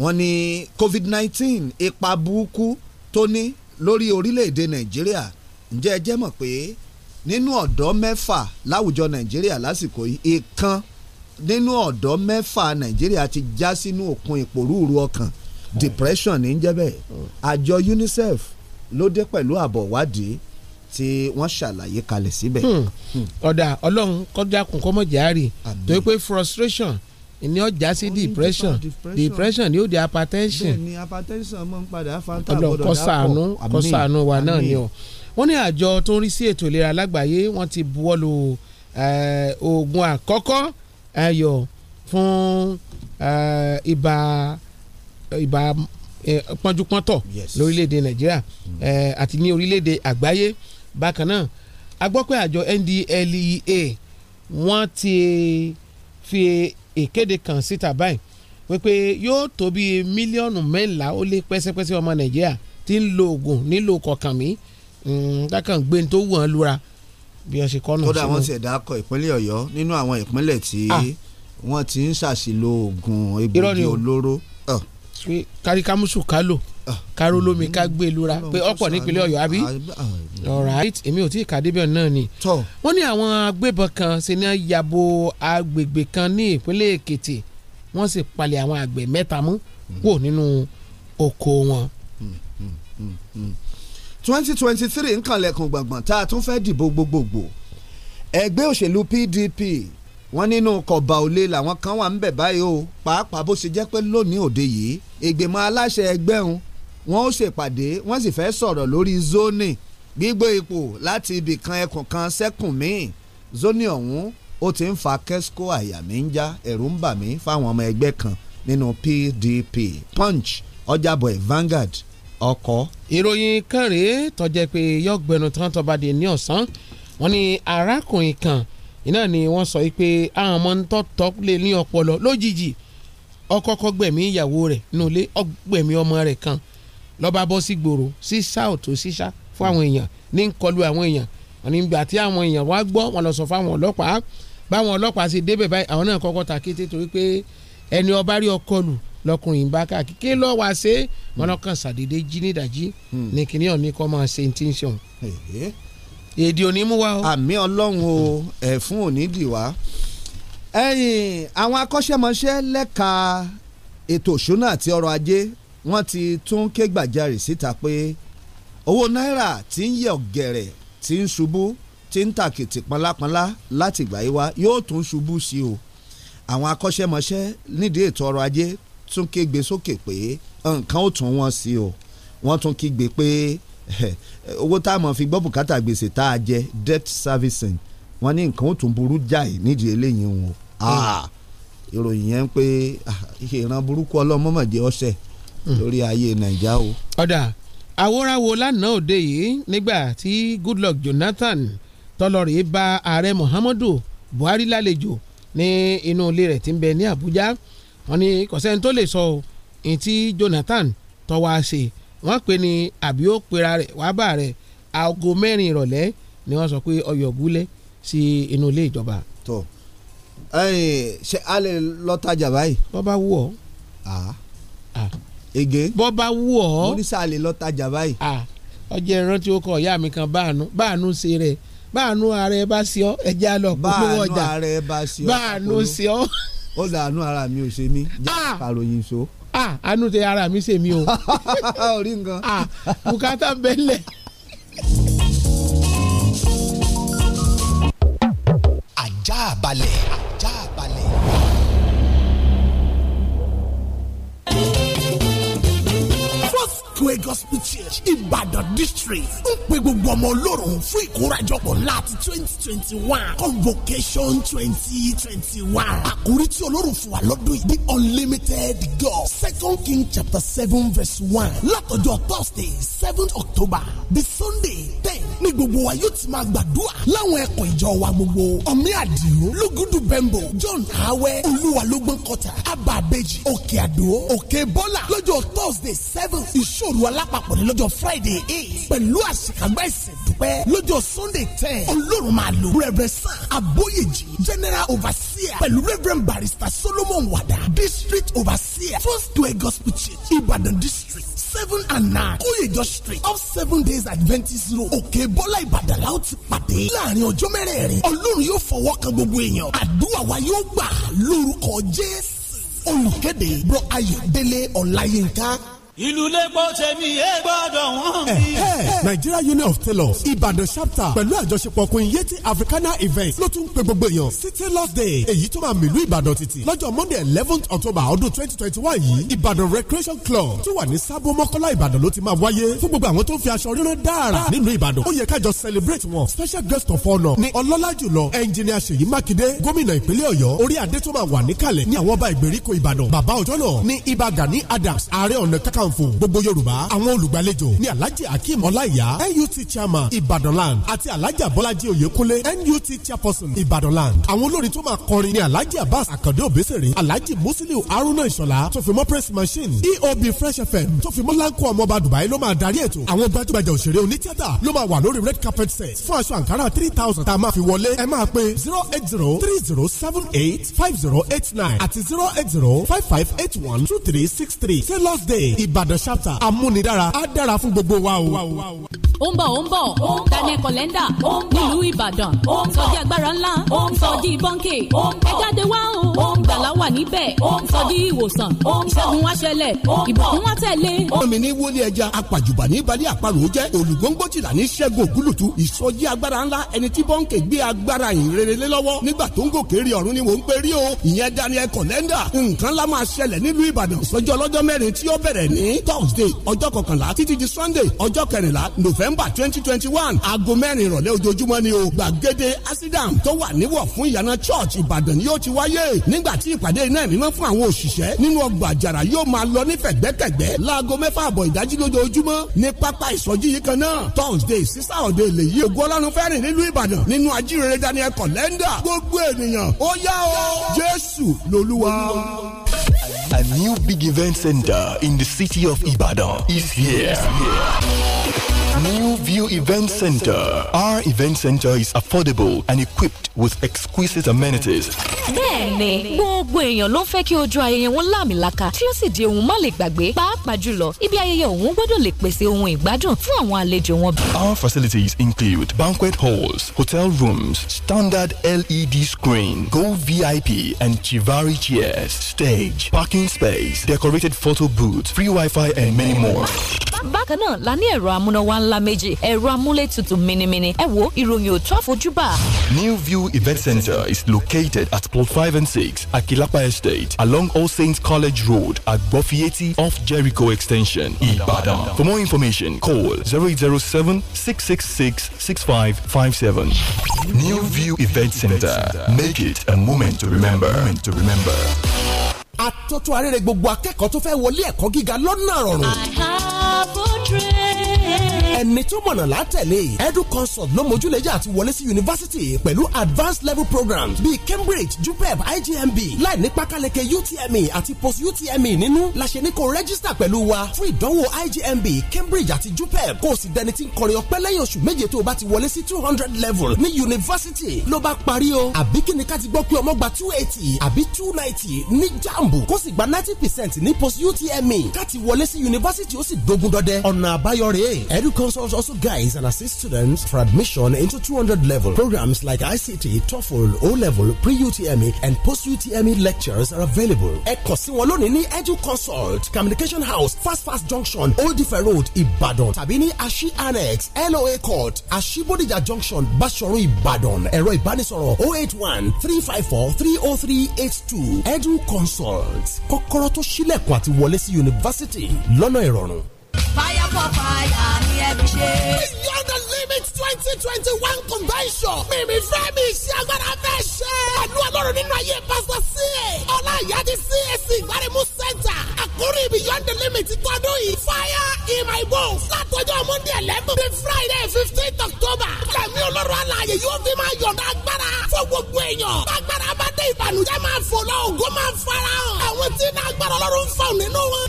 wọ́n ní covid nineteen ipa burúkú tó ní lórí orílẹ̀-èdè nàìjíríà ǹjẹ́ ẹ jẹ́ mọ̀ pé nínú ọ̀dọ́ mẹ́fà láwùjọ nàìjíríà lásìkò yìí ìkan nínú ọ̀dọ́ mẹ́fà nàìjíríà ti já sínú òkun ìpòrúurú ọkàn depression ní jẹ́ bẹ́ẹ̀ àjọ UNICEF ló dé pẹ̀lú àbọ̀ wádìí tí wọ́n ṣàlàyé kalẹ̀ síbẹ̀. Hmm. Hmm. ọ̀dà ọlọ́run kọjá kún kọ́mọ̀jà rí tó yẹ pé frustration ni ó já sí depression depression ni ó di hypertension. bẹ́ẹ̀ ni hypertension máa ń padà fa tá a gbọ́dọ̀ dápọ̀ kó ṣàánú kó ṣàánú wa náà ni o. wọ́n ní àjọ tó ń rí sí ètò ìlera lágbàáyé wọ́n ti buwọ́lu oògùn àkọ́kọ́ ayọ̀ fún ibà ibà pọ́njúpọ́ntọ̀ lórílẹ̀‐èdè nàìjíríà mm. àti ní orílẹ̀‐èdè àgbáyé bákan náà a gbọ́ pé àjọ NDLEA wọ́n ti fi ìkéde kan síta báyìí wípé yóò tó bí mílíọ̀nù mẹ́la ó lé pẹ́sẹ́pẹ́sẹ́ ọmọ nàìjíríà tí ń lo oògùn nílò kọkànmí hmm, kákan gbé tó wù ọ́n lura bí wọ́n ṣe kọ́ nù. kódà wọ́n ti ẹ̀dá kọ ìpínlẹ̀ ọ̀yọ́ nínú àwọn ìpínlẹ̀ tí ah. wọ́n ti ń ṣàṣìlò oògùn egbògi olóró. káríkámúsù kálò káró lómi ká gbé e lura pé ọ̀pọ̀ nípínlẹ̀ ọ̀yọ́ àbí alright èmi ò tí ì kà débẹ̀ náà ni. wọ́n ní àwọn agbébọn kan ṣe ní yabo agbègbè kan ní ìpínlẹ̀ èkìtì wọ́n sì palẹ̀ àwọn àgbẹ̀ mẹ́ta mú wò nínú oko wọn. twenty twenty three nkànlẹ̀kùn gbọ̀ngbọ̀n tá a tún fẹ́ dìbò gbogbogbò ẹgbẹ́ òṣèlú PDP wọ́n nínú kọba òle làwọn kan wà ń bẹ̀ báyìí o pàápàá bó ṣe jẹ́ pé lónìí òde yìí ìgbìmọ̀ aláṣẹ ẹgbẹ́ òun wọ́n ó ṣèpàdé wọ́n sì fẹ́ sọ̀rọ̀ lórí zoni gbígbé ipò láti ibì kan ẹkùn kan sẹ́kùn míì zoni ọ̀hún ó ti ń fa kẹ́síkó àyà mi ń já ẹ̀rù ń bà mí fáwọn ọmọ ẹgbẹ́ kan nínú PDP Punch ọjàbọ̀ Vanguard ọkọ̀. ìròyìn kan rèé tó jẹ́ pé yọ̀gbẹ́nu tán tó bá dé ní ọ̀sán wọ́n ní arákùnrin kan iná ni wọ́n sọ pé àwọn ọmọ ń tọ́tọ́ lé ní ọpọlọ lójijì ọkọ̀ kọ́gbẹ̀mí ìyàwó rẹ̀ nulẹ̀ ọgbẹ̀mí ọmọ rẹ̀ kan lọ́ba bọ́ sí gbòòrò sísá ọ̀tọ̀ sísá fún àwọn èèyàn ní ń kọlu àwọn èèyàn wọn ni gbà tí àwọn èèyàn wá gbọ́ wọn lọ sọ fáwọn ọlọ́pàá báwọn ọlọ́pàá ṣe débẹ̀ báyìí àwọn náà kọ́kọ́ ta kété torí pé ẹni ọba rí ọkọ lọkùnrin bá káàkiri kí lọ́ọ́ wá ṣe wọn náà kàn ṣàdédé jí nídàjí ní kìnìún hmm. ní kọ́ máa ṣe ti ń ṣeun èdè òní mú wa o. àmì ọlọ́run o ẹ̀fún òní dì wá. ẹ̀yin àwọn akọ́ṣẹ́mọṣẹ́ lẹ́ka ètò òṣùnà àti ọrọ̀ ajé wọ́n ti tún ké gbàjarè síta pé owó náírà tí ń yẹ̀ gẹ̀rẹ̀ tí ń ṣubú tí ń tàkìtì pọnlápọnlá láti ìgbà yìí wá yóò tún ṣubú sí o àwọn akọ́ṣẹ́mọṣẹ́ nídìí ètò ọrọ̀ ajé tún kégbe sókè pé nǹkan ó tún wọn sí o wọ́n tún kígbe pé owó tá fi gbọ́ bùkátà gbèsè tá a jẹ debt servicing wọ́n ní nǹkan ó tún burú jáì nídìí eléyìí wọn o ah, ìròyìn yẹn ń pé ah, ìran burúkú ọlọ́mọ́mọ̀dé ọ̀sẹ̀ lórí ayé nàìjà o. ọ̀dà àwòránwò lánàá òde yìí nígbà tí Goodluck Jonathan tọlọ́rì bá ààrẹ Muhammadu Buhari lálejò ní inú ilé rẹ̀ tí ń bẹ ní Àbújá wọ́n ní kọ̀sẹ́ni tó lè sọ ọ́ ní ti Jonathan tọwọ́ àṣẹ wọ́n pè ní àbí ó pera rẹ̀ wá bá rẹ̀ aago mẹ́rin ìrọ̀lẹ́ ni wọ́n sọ pé ọyọ̀ gúlẹ̀ sí inú ilé ìjọba. tó ṣe a lè lọ tajà báyìí. bọ́ bá wù ọ́ ege bọ́ bá wù ọ́. mo báyìí. ọjọ́ ẹran tí ó kọ ìyá mi kan báànú báànú ṣe rẹ̀ báànú ara ẹ bá ṣe ọ ẹja lọ polówó ọjà báànú ara ẹ bá ṣe ọ báànú ṣe ọ. ó dànù ara mi ò ṣe mí jẹ́ àròyìn so. àánú tẹ ara mi ṣe mí o. [laughs] orí nǹkan. bùkátà bẹ́lẹ̀. district ń pe gbogbo ọmọ Ọlọ́run fún ìkórajọpọ̀ ńlá ti twenty twenty one convocation twenty twenty one àkórí tí Ọlọ́run fún wa lọ́dún yìí the unlimited God second king chapter seven verse one látọjọ́ Thursday seventh October the Sunday Ni gbogbo wa yóò ti máa gbàdúrà láwọn ẹ̀kọ́ ìjọ wa gbogbo ọ̀mí àdìo lógúdù bẹ́ńbò john awẹ́ olúwalógbọ́n kọta abba abeji òkè àdó òkè bọ́là lọ́jọ́ thursday seven ìṣòro alápapọ̀ ní lọ́jọ́ friday eight pẹ̀lú àṣekágbá ìsìn dúpẹ́ lọ́jọ́ sunday ten ọlọ́run máa lò reverend san aboyeji general overseer pẹ̀lú reverend barrister solomon wada district overseer first way gospel church ibadan district seven and nine kóyèjọ street off seven days adventist road òkè bọ́lá ìbàdàn la ó ti pàdé láàrin ọjọ́ mẹ́rẹ̀ẹ̀rin ọlọ́run yóò fọwọ́ kan gbogbo èèyàn àdúrà wa yóò gbà lórúkọ jésù olùkéde bro ayọ̀délé ọláyínká ìlú lẹ́gbọ́ tẹ̀mí ẹ gbọ́dọ̀ wọ́n mi. Eh, eh, eh. Nigeria Union of Tailors Ìbàdàn chapter pẹ̀lú àjọṣepọ̀ Queen Yeti Africana event ló tún pe gbogbo èèyàn sí Tailors Day èyí tó máa mìlú Ìbàdàn títì lọ́jọ́ Monday eleventh October ọdún twenty twenty one yìí Ìbàdàn Recreation Club tó wà ní Sábó Mọ́kọ́lá Ìbàdàn ló ti máa wáyé fún gbogbo àwọn tó ń fi aṣọ rírán dára nílùú Ìbàdàn ó yẹ kájọ celebrate wọn special guest of honour ni ọlọ́lá jùlọ engineer Ṣèyí Mákindé gómìnà ìpínlẹ̀ Ọ̀yọ́ orí adé tó máa wà níkàlẹ̀ ní àwọn ọba ìgbèríko Ìbàdàn bàbá ọjọ́ náà ni Ìbà Gani Adams ààrẹ ọ̀nà kakan kànfò gbogbo yorùbá àwọn olùgbàlejò ní alhaji akeem ọláìyá nut chairman ibadanland àti alhaji abọ́lájí oyèkúnlé nut chairperson ibadanland àwọn olórin tó máa kọrin ní alhaji abbas akande obesere alhaji musiliu haruna ìṣọ̀lá tó press machine eob fresh fm tó fi mọ́ láńkó e ọmọọba dubai ló máa darí ètò àwọn gbajúgbajà òṣèré onítìátà ló máa wà lórí red carpet set fún aṣọ àǹkárá three thousand tá a máa fi wọlé ẹ máa pè zero eight zero three zero seven eight five zero eight nine àti zero eight zero five five eight one two three six three say last day ìbàdàn Ìbàdàn ṣáptà amúnidára á dára fún gbogbo wa o. ó ń bọ̀ ó ń bọ̀ Daniel Kolenda nílùú Ìbàdàn sọjí agbára ńlá sọjí bọ́ńkè ẹ jáde wá o gbàlá wà níbẹ̀ sọjí ìwòsàn ìṣẹ́gun wá ṣẹlẹ̀ ìbùkún wá tẹ̀lé. ọmọ ní wọlé ẹja apàjùbà ní balẹ̀ àparò jẹ́ olùgbòǹgbò tìlà ní ṣẹ́gun ògúlùtù ìsọjí agbára ńlá ẹni tí bọ́ńkè gbé agbára ìrere lọ́wọ́ nígbà tó ń ni ní thursday ọjọ́ kọkànlá títí di sunday ọjọ́ kẹrìnlá november twenty twenty one aago mẹ́rin ìrọ̀lẹ́ ojoojúmọ́ ni o gbàgede asidam tó wà níwọ̀ fún ìyànà church ìbàdàn ni yóò ti wáyé nígbà tí ìpàdé iná ìmímọ́ fún àwọn òṣìṣẹ́ nínú ọgbà àjàrà yóò máa lọ ní fẹ̀gbẹ́kẹ̀gbẹ́ láago mẹ́fà àbọ̀ ìdájí lójoojúmọ́ ní pápá ìsọjí yìí kan náà thursday sísá ọ̀dẹ èlé yìí ògo ọlọ́run fẹ́rìn nílùú ìbàdàn nínú ajírere daniel kọ̀lẹ́ndà gbogbo ènìyàn ó yá o jésù lolúwa. A new big event center in the city of Ibadan is here. Is here. New View Event Center. Our event center is affordable and equipped with exquisite amenities. Bẹ́ẹ̀ni, gbogbo èèyàn ló ń fẹ́ kí ojú ayẹyẹ wọn lámìlaka tí ó sì di ohun má lè gbàgbé. Pàápàá jùlọ, ibi ayẹyẹ òun gbọ́dọ̀ lè pèsè ohun ìgbádùn fún àwọn àlejò wọn. Our facilities include banquet halls, hotel rooms, standard LED screen, gold VIP and Chivari chairs, stage, parking space, decorated photo booth, free Wi-Fi and many more. Bákan náà, la ní ẹ̀rọ amúnáwá ńlá ńlá méjì ẹ̀rọ amúlétutù minimini ẹ wo ìròyìn ò àfojúbà. New View Event Center is located at plot five and six Akilapa Estate along All Saints College Road at Gbofieti off Jericho Extension, Ibadan. For more information, call zero zero seven six six six six five five seven. New View Event Center. Make it a moment to remember. Moment to remember. Àtótó arére gbogbo akẹ́kọ̀ọ́ tó fẹ́ wọlé ẹ̀kọ́ gíga lọ́nà rọrùn. I have a dream ẹni tó mọ̀nà látẹ̀lé edu consult ló mójúlẹ̀jà àti wọlé sí yunifásitì pẹ̀lú advanced level programs bíi cambridge jupeb igmb láì ní pákáleke utme àti post utme nínú la ṣe ní kó rẹ́gísítà pẹ̀lú wa fún ìdánwò igmb cambridge àti jupeb kó o sì dẹni tí ń kọrin ọpẹ́ lẹ́yìn oṣù méje tó o bá ti wọlé sí two hundred level ní yunifásitì ló bá parí o àbí kí ni ká ti gbọ́ pé ọmọ gba two eighty àbí two ninety ní jambu kó sì gba ninety percent ní post utme ká ti wọlé sí yunifásitì ó sì dogun dọdẹ ọ̀nà àbáyọ rèé thing. EduConsult also guides and assists students for admission into 200 level. Programs like ICT, TOEFL, O level, pre UTME, and post UTME lectures are available. Ekosiwolonini EduConsult, Communication House, Fast Fast Junction, Old Ife Road, Ibadan. Tabini Ashi Annex, LOA Court, Ashibodija Junction, Bashoru, Ibadan. Ẹ̀rọ ìbánisọ̀rọ̀ 081 354 30382. EduConsult, kọ́kọ́rọ́ tó ṣílẹ̀kùn àti wọlé sí yunifásitì lọ́nà ìrọ̀rùn fire for fire ni ẹ fi ṣe. beyond the limit twenty twenty one convention mímí fẹ́mi iṣẹ́ agbára fẹ́ ṣe. pẹ̀lú ọlọ́run nínú ayé pásítọ̀ sí ẹ̀ ọlá ìyá di CAC ìgbàremú sẹ́ńtà àkórí beyond the limit tọdún yìí fire in my bones látọjọ́ monday eleven bíi friday fifteen october lẹ́mí ọlọ́run alààyè yóò fi máa yọ̀ǹda agbára fún gbogbo èèyàn agbára bá dé ìbànújẹ́ máa fò lọ ògo máa fara hàn àwọn tí ní agbára ọlọ́run fọ̀ nínú wọn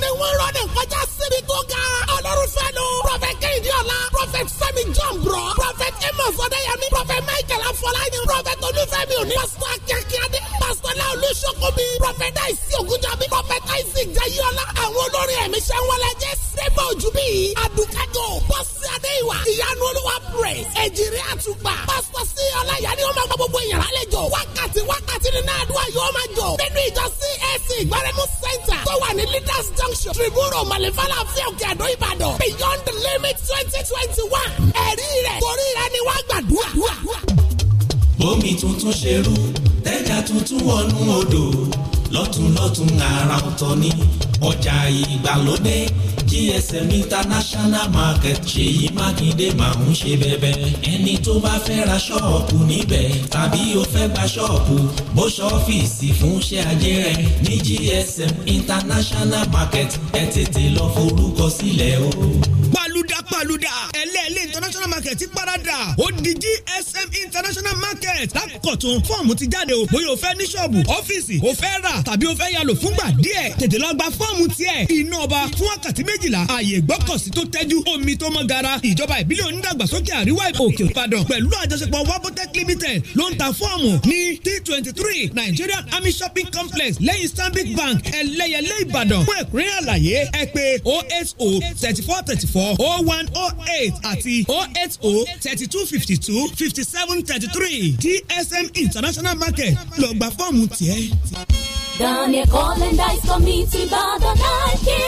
òní. pásítọ̀ akíákíá dé. pásítọ̀ náà olùsọ́kùnmi. prọfẹ̀tà ìsì ògùnjàbí. prọfẹ̀tà ìsì jayọ́lá. àwọn olórin ẹ̀mí ṣẹ́ wọlé jẹ́ sẹ́gbà ojú bí. àdùkájọ bọ́sì adéyíwá. ìyanu olúwa praise. ẹ̀jìrì àtùpà. pásítọ̀ sí ọláyà ni ó máa gba gbogbo ìyàrá àlejò. wákàtí wákàtí ni náà àdúrà yóò máa jọ. nínú ìjọ CAC ìgbáremú center tó wà ní leaders junction tribunal malefala fíọkì àdó ìbàdàn beyond the limit twenty twenty one ẹ̀rí rẹ̀ torí rẹ̀ ni wàá gbàdúrà bómi tuntun ṣe rú tẹ́jà tuntun wọnú odò lọ́tùnlọ́tùn àrà ọ̀tọ̀ ni ọjà ìgbàlódé GSM International Market ṣèyí mákindé máa ń ṣe bẹbẹ ẹni tó bá fẹ́ ra ṣọ́ọ̀pù níbẹ̀ tàbí o fẹ́ gba ṣọ́ọ̀pù bó ṣọ́ọ̀fìsì fún iṣẹ́ ajé rẹ ní GSM International Market ẹ tètè lọ forúkọ sílẹ̀ o market ti parada ó di gsm international market lákọ̀tún fọ́ọ̀mù ti jáde o bóyá o fẹ́ ní ṣọ́ọ̀bù ọ́fíìsì o fẹ́ rà tàbí o fẹ́ yálò fúngbà díẹ̀ tètè lọ gba fọ́ọ̀mù tiẹ̀ iná ọba fún wákàtí méjìlá ààyè ìgbọ́kọ̀sí tó tẹ́jú omi tó mọ́ gara ìjọba ìbílẹ̀ onídàgbàsókè àríwá òkè ìbàdàn pẹ̀lú àjọṣepọ̀ wabotec limited ló ń ta fọ́ọ̀mù ní t twenty three nigerian army shopping complex lẹ́yìn stanbic bank ẹlẹ́yẹlé ìbàdàn fún ẹ̀kúnrẹ́ àlàyé ẹ pé O oh eight O. Oh thirty four thirty four O oh one O eight àti O eight oh thirty two fifty two fifty seven thirty three dsm international market lọ gba fọ́ọ̀mù tiẹ̀. Daniel Dice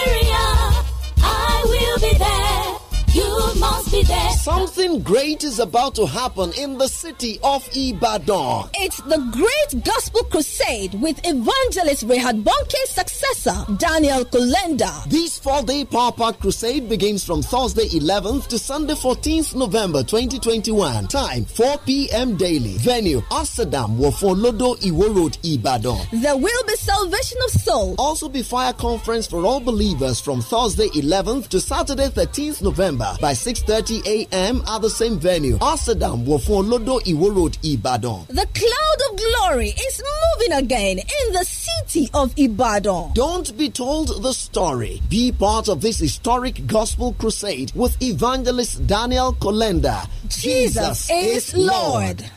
I will be there. You must be there. Something great is about to happen in the city of Ibadan. It's the Great Gospel Crusade with evangelist Rehad Bonke's successor, Daniel Kulenda. This four day power pack crusade begins from Thursday 11th to Sunday 14th November 2021. Time 4 p.m. daily. Venue Amsterdam, Wofolodo Iwo Road, Ibadan. There will be salvation of soul. Also be fire conference for all believers from Thursday 11th to Saturday 13th November. December by 6.30 a.m. at the same venue. Asadam Wofun Lodo Iwo Road, Ibadan. The cloud of glory is moving again in the city of Ibadan. Don't be told the story. Be part of this historic gospel crusade with evangelist Daniel Kolenda. Jesus, Jesus is Lord. Lord.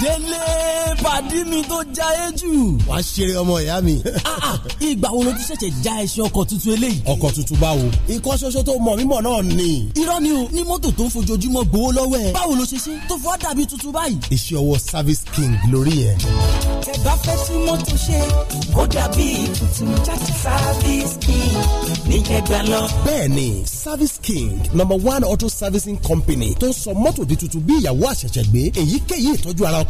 délé pàdí mi tó já e jù. wà á ṣeré ọmọ ìyá mi. Ah, ah, ìgbà wo ló tún ṣẹ̀ṣẹ̀ já ẹṣin ọkọ̀ tuntun eléyìí. ọkọ̀ tuntun báwo. ikọ́ ṣoṣo tó mọ̀ mímọ̀ náà ni. irọ́ ni o ní mọ́tò tó ń fojoojúmọ́ gbowó lọ́wọ́ ẹ̀. báwo ló ṣe ṣe tó fọ́ dàbí tuntun báyìí. iṣẹ́ ọwọ́ service king lórí ẹ̀. tẹ bá fẹ́ tún mọ́tò ṣe kó dàbí tuntun service king number one auto servicing company tó ń sọ mọ́tò di tuntun bí ìyàwó àṣẹ̀ṣẹ̀ gbé èyíkéyìí ìtọ́jú ara ọk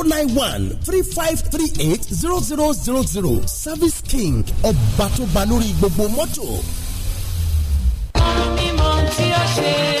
zero nine one three five three eight zero zero zero zero service king ọba tó ba lórí gbogbo mọ́tò. mímọ tí ó ṣe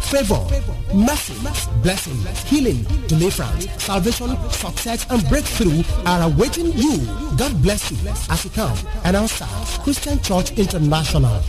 favor, mercy, blessing, healing, deliverance, salvation, success, and breakthrough are awaiting you. God bless you as you come and answer Christian Church International.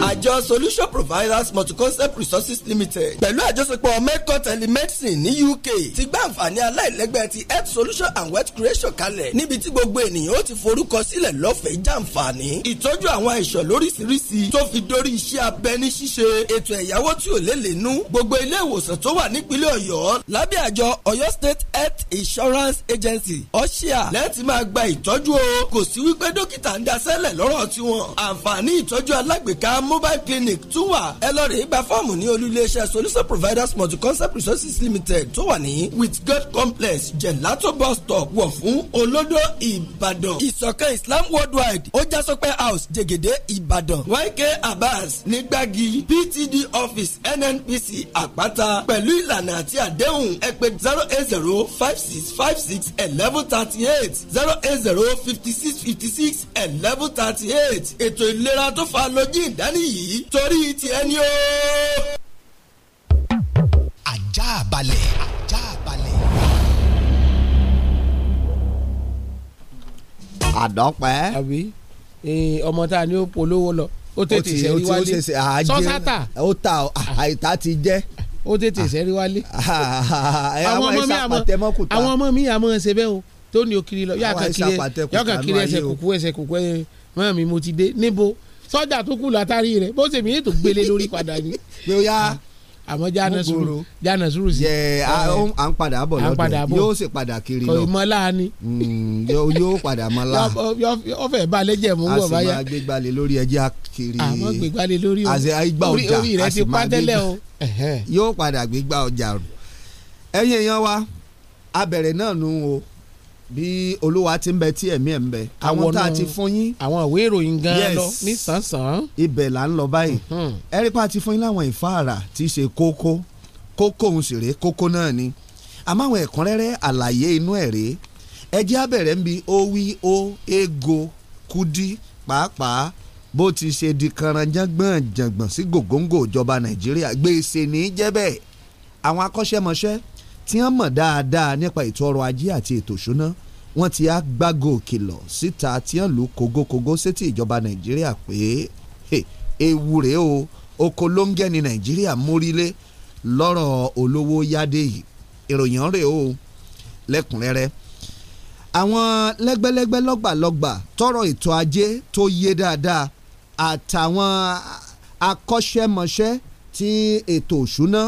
àjọ solution providers multi-concept resources limited pẹ̀lú àjọṣepọ̀ medco telemedicine ní uk ti gba àǹfààní aláìlẹ́gbẹ́ ti health solution and wealth creation kalẹ̀ níbi tí gbogbo ènìyàn ó ti forúkọ sílẹ̀ lọ́fẹ̀ẹ́ jàǹfààní ìtọ́jú àwọn àìsàn lóríṣiríṣi tó fi dórí iṣẹ́ abẹ ní ṣíṣe ètò ẹ̀yáwó tí ò lè lè nú gbogbo ilé ìwòsàn tó wà nípínlẹ̀ ọ̀yọ́ lábẹ́ àjọ ọ̀yọ́ state health insurance agency ọ̀ṣíà lẹ́ẹ̀tì máa gba ìtọ́jú o kò sí wípé dókítà ń daṣẹ́lẹ̀ lọ́rọ̀ tiwọn àǹfààní ìtọ́jú alágbèéká ẹ̀ka mobile clinic tún wà ẹ lọ rè é gba fọ́ọ̀mù ní olú iléeṣẹ́ solution providers multi concept resources limited tó wà ní with god complex gelato bus stop wọ̀ fún olódó ìbàdàn ìsọ̀kan islam worldwide ó já sọpẹ́ house jẹ̀gẹ̀dẹ̀ ìbàdàn yk abbas nígbàgì ptd office nnpc àpáta pẹ̀lú ìlànà àti àdéhùn ẹ pè zero eight zero five six five six eleven thirty eight zero eight zero fifty six fifty six eleven thirty eight ètò ìlera tó fa lójú àjàǹdání yìí torí tiẹ̀ ni ó. ajá balẹ̀ ajá balẹ̀. àdọ́pẹ́. ọmọ tá a ní ó polówó lọ ó tètè sẹ́rí wálé sọ́sátà ó ta àìtá ti jẹ́ ó tètè sẹ́rí wálé àwọn ọmọ mi àmọ́ àwọn ọmọ mi àmọ́ ṣe bẹ́ẹ̀ o tó ní o kiri lọ yọ àkàkiri ẹsẹ̀ kùkú ẹsẹ̀ kùkú ẹ mọ́ mi mo ti dé níbo sọ́jà tó kù látàrí rẹ̀ bó ṣe mìíràn tó gbélé lórí padà ni. pé yá àmọ́ jáná sùúrù jáná sùúrù sí. à ń padà bọ̀ lọ́dún yóò sì padà kiri lọ. ìmọ̀lá ni. Hmm, yóò padà mọ́lá. ọfẹ balẹ̀ jẹ̀ mú wọ̀ báyà. a sì máa gbégbálẹ̀ lórí ẹjẹ́ kiri. àmọ́ gbégbálẹ̀ lórí o àti igba ọjà orí rẹ ti pa o. yóò padà gbégbá ọjà rù. ẹ̀yin èèyàn wa abẹ̀rẹ̀ náà nù o bí olúwa ti ń bẹ tí ẹ̀mí ẹ̀ ń bẹ àwọn tá a ti fún yín. àwọn ìwé ìròyìn gan-an lọ ní sàn-sàn. ibẹ̀ là ń lọ báyìí mhm. ẹ̀rípa ti fún yín láwọn ìfáàrà tí í ṣe kókó kókó òun sì rèé kókó náà ni àmọ́ ẹ̀kúnrẹ́rẹ́ àlàyé inú ẹ̀ rèé ẹjẹ́ abẹ̀rẹ̀ ń bi ó wí ó ego kudi pàápàá bó ti ṣe di kanranjágbọ̀n jàngbọ̀n sí gògóńgò ìjọba nàìjíríà gbèsè ní jẹ́ bẹ́ẹ̀ àwọn akọ́ṣẹ́mọṣẹ́ tí wọ́n mọ̀ dáadáa nípa ètò ọrọ̀ ajé àti ètò ìṣúná wọ́n ti á gbágo kìlọ̀ síta tí wọ́n lù kógókógó sétí ìjọba nàìjíríà pé ewu rèé o oko lóńgẹ́ ni nàìjíríà mórílé lọ́rọ̀ olówó yáde yìí ìròyìn rèé o lẹ́kùnrẹ́rẹ́ àwọn lẹ́gbẹ́lẹ́gbẹ́ lọ́gbàlọ́gbà tọrọ ètò ajé tó yé dáadáa àtàwọn akọ́ṣẹ́mọṣẹ́ tí ètò òṣùná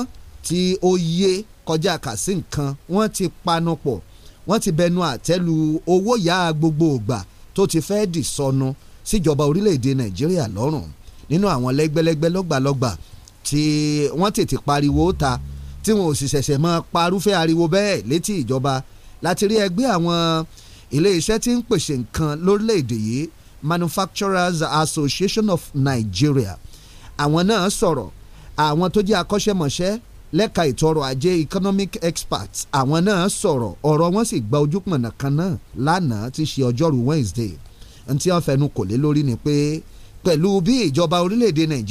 tí ó yé kọjá kà sí nǹkan wọ́n ti panu pọ̀ wọ́n ti bẹnu àtẹ́ lu owó yá gbogbo ògbà tó ti fẹ́ dì sọnù síjọba orílẹ̀-èdè nàìjíríà lọ́rùn nínú àwọn lẹ́gbẹ́lẹ́gbẹ́ lọ́gbàlọ́gbà tí wọ́n tètè pariwo ta tí wọn ò sì ṣẹ̀ṣẹ̀ mọ́ parúfẹ́ ariwo bẹ́ẹ̀ létí ìjọba láti rí ẹgbẹ́ àwọn iléeṣẹ́ tí ń pèsè nǹkan lórílẹ̀‐èdè yìí Manufacturers Association of Nigeria àwọn náà sọ̀rọ̀ àwọn tó jẹ́ akọ́ṣẹ́mọṣẹ́ lẹ́ka ètò ọrọ̀ ajé economic experts àwọn náà sọ̀rọ̀ ọ̀rọ̀ wọn sì gba ojúpọ̀nà kan náà lánàá ti ṣe ọjọ́rú Wednesday ntí wọ́n fẹnu kò lé lórí ni pé pẹ̀lú bí ìjọba orílẹ̀-èdè Nàìjíríà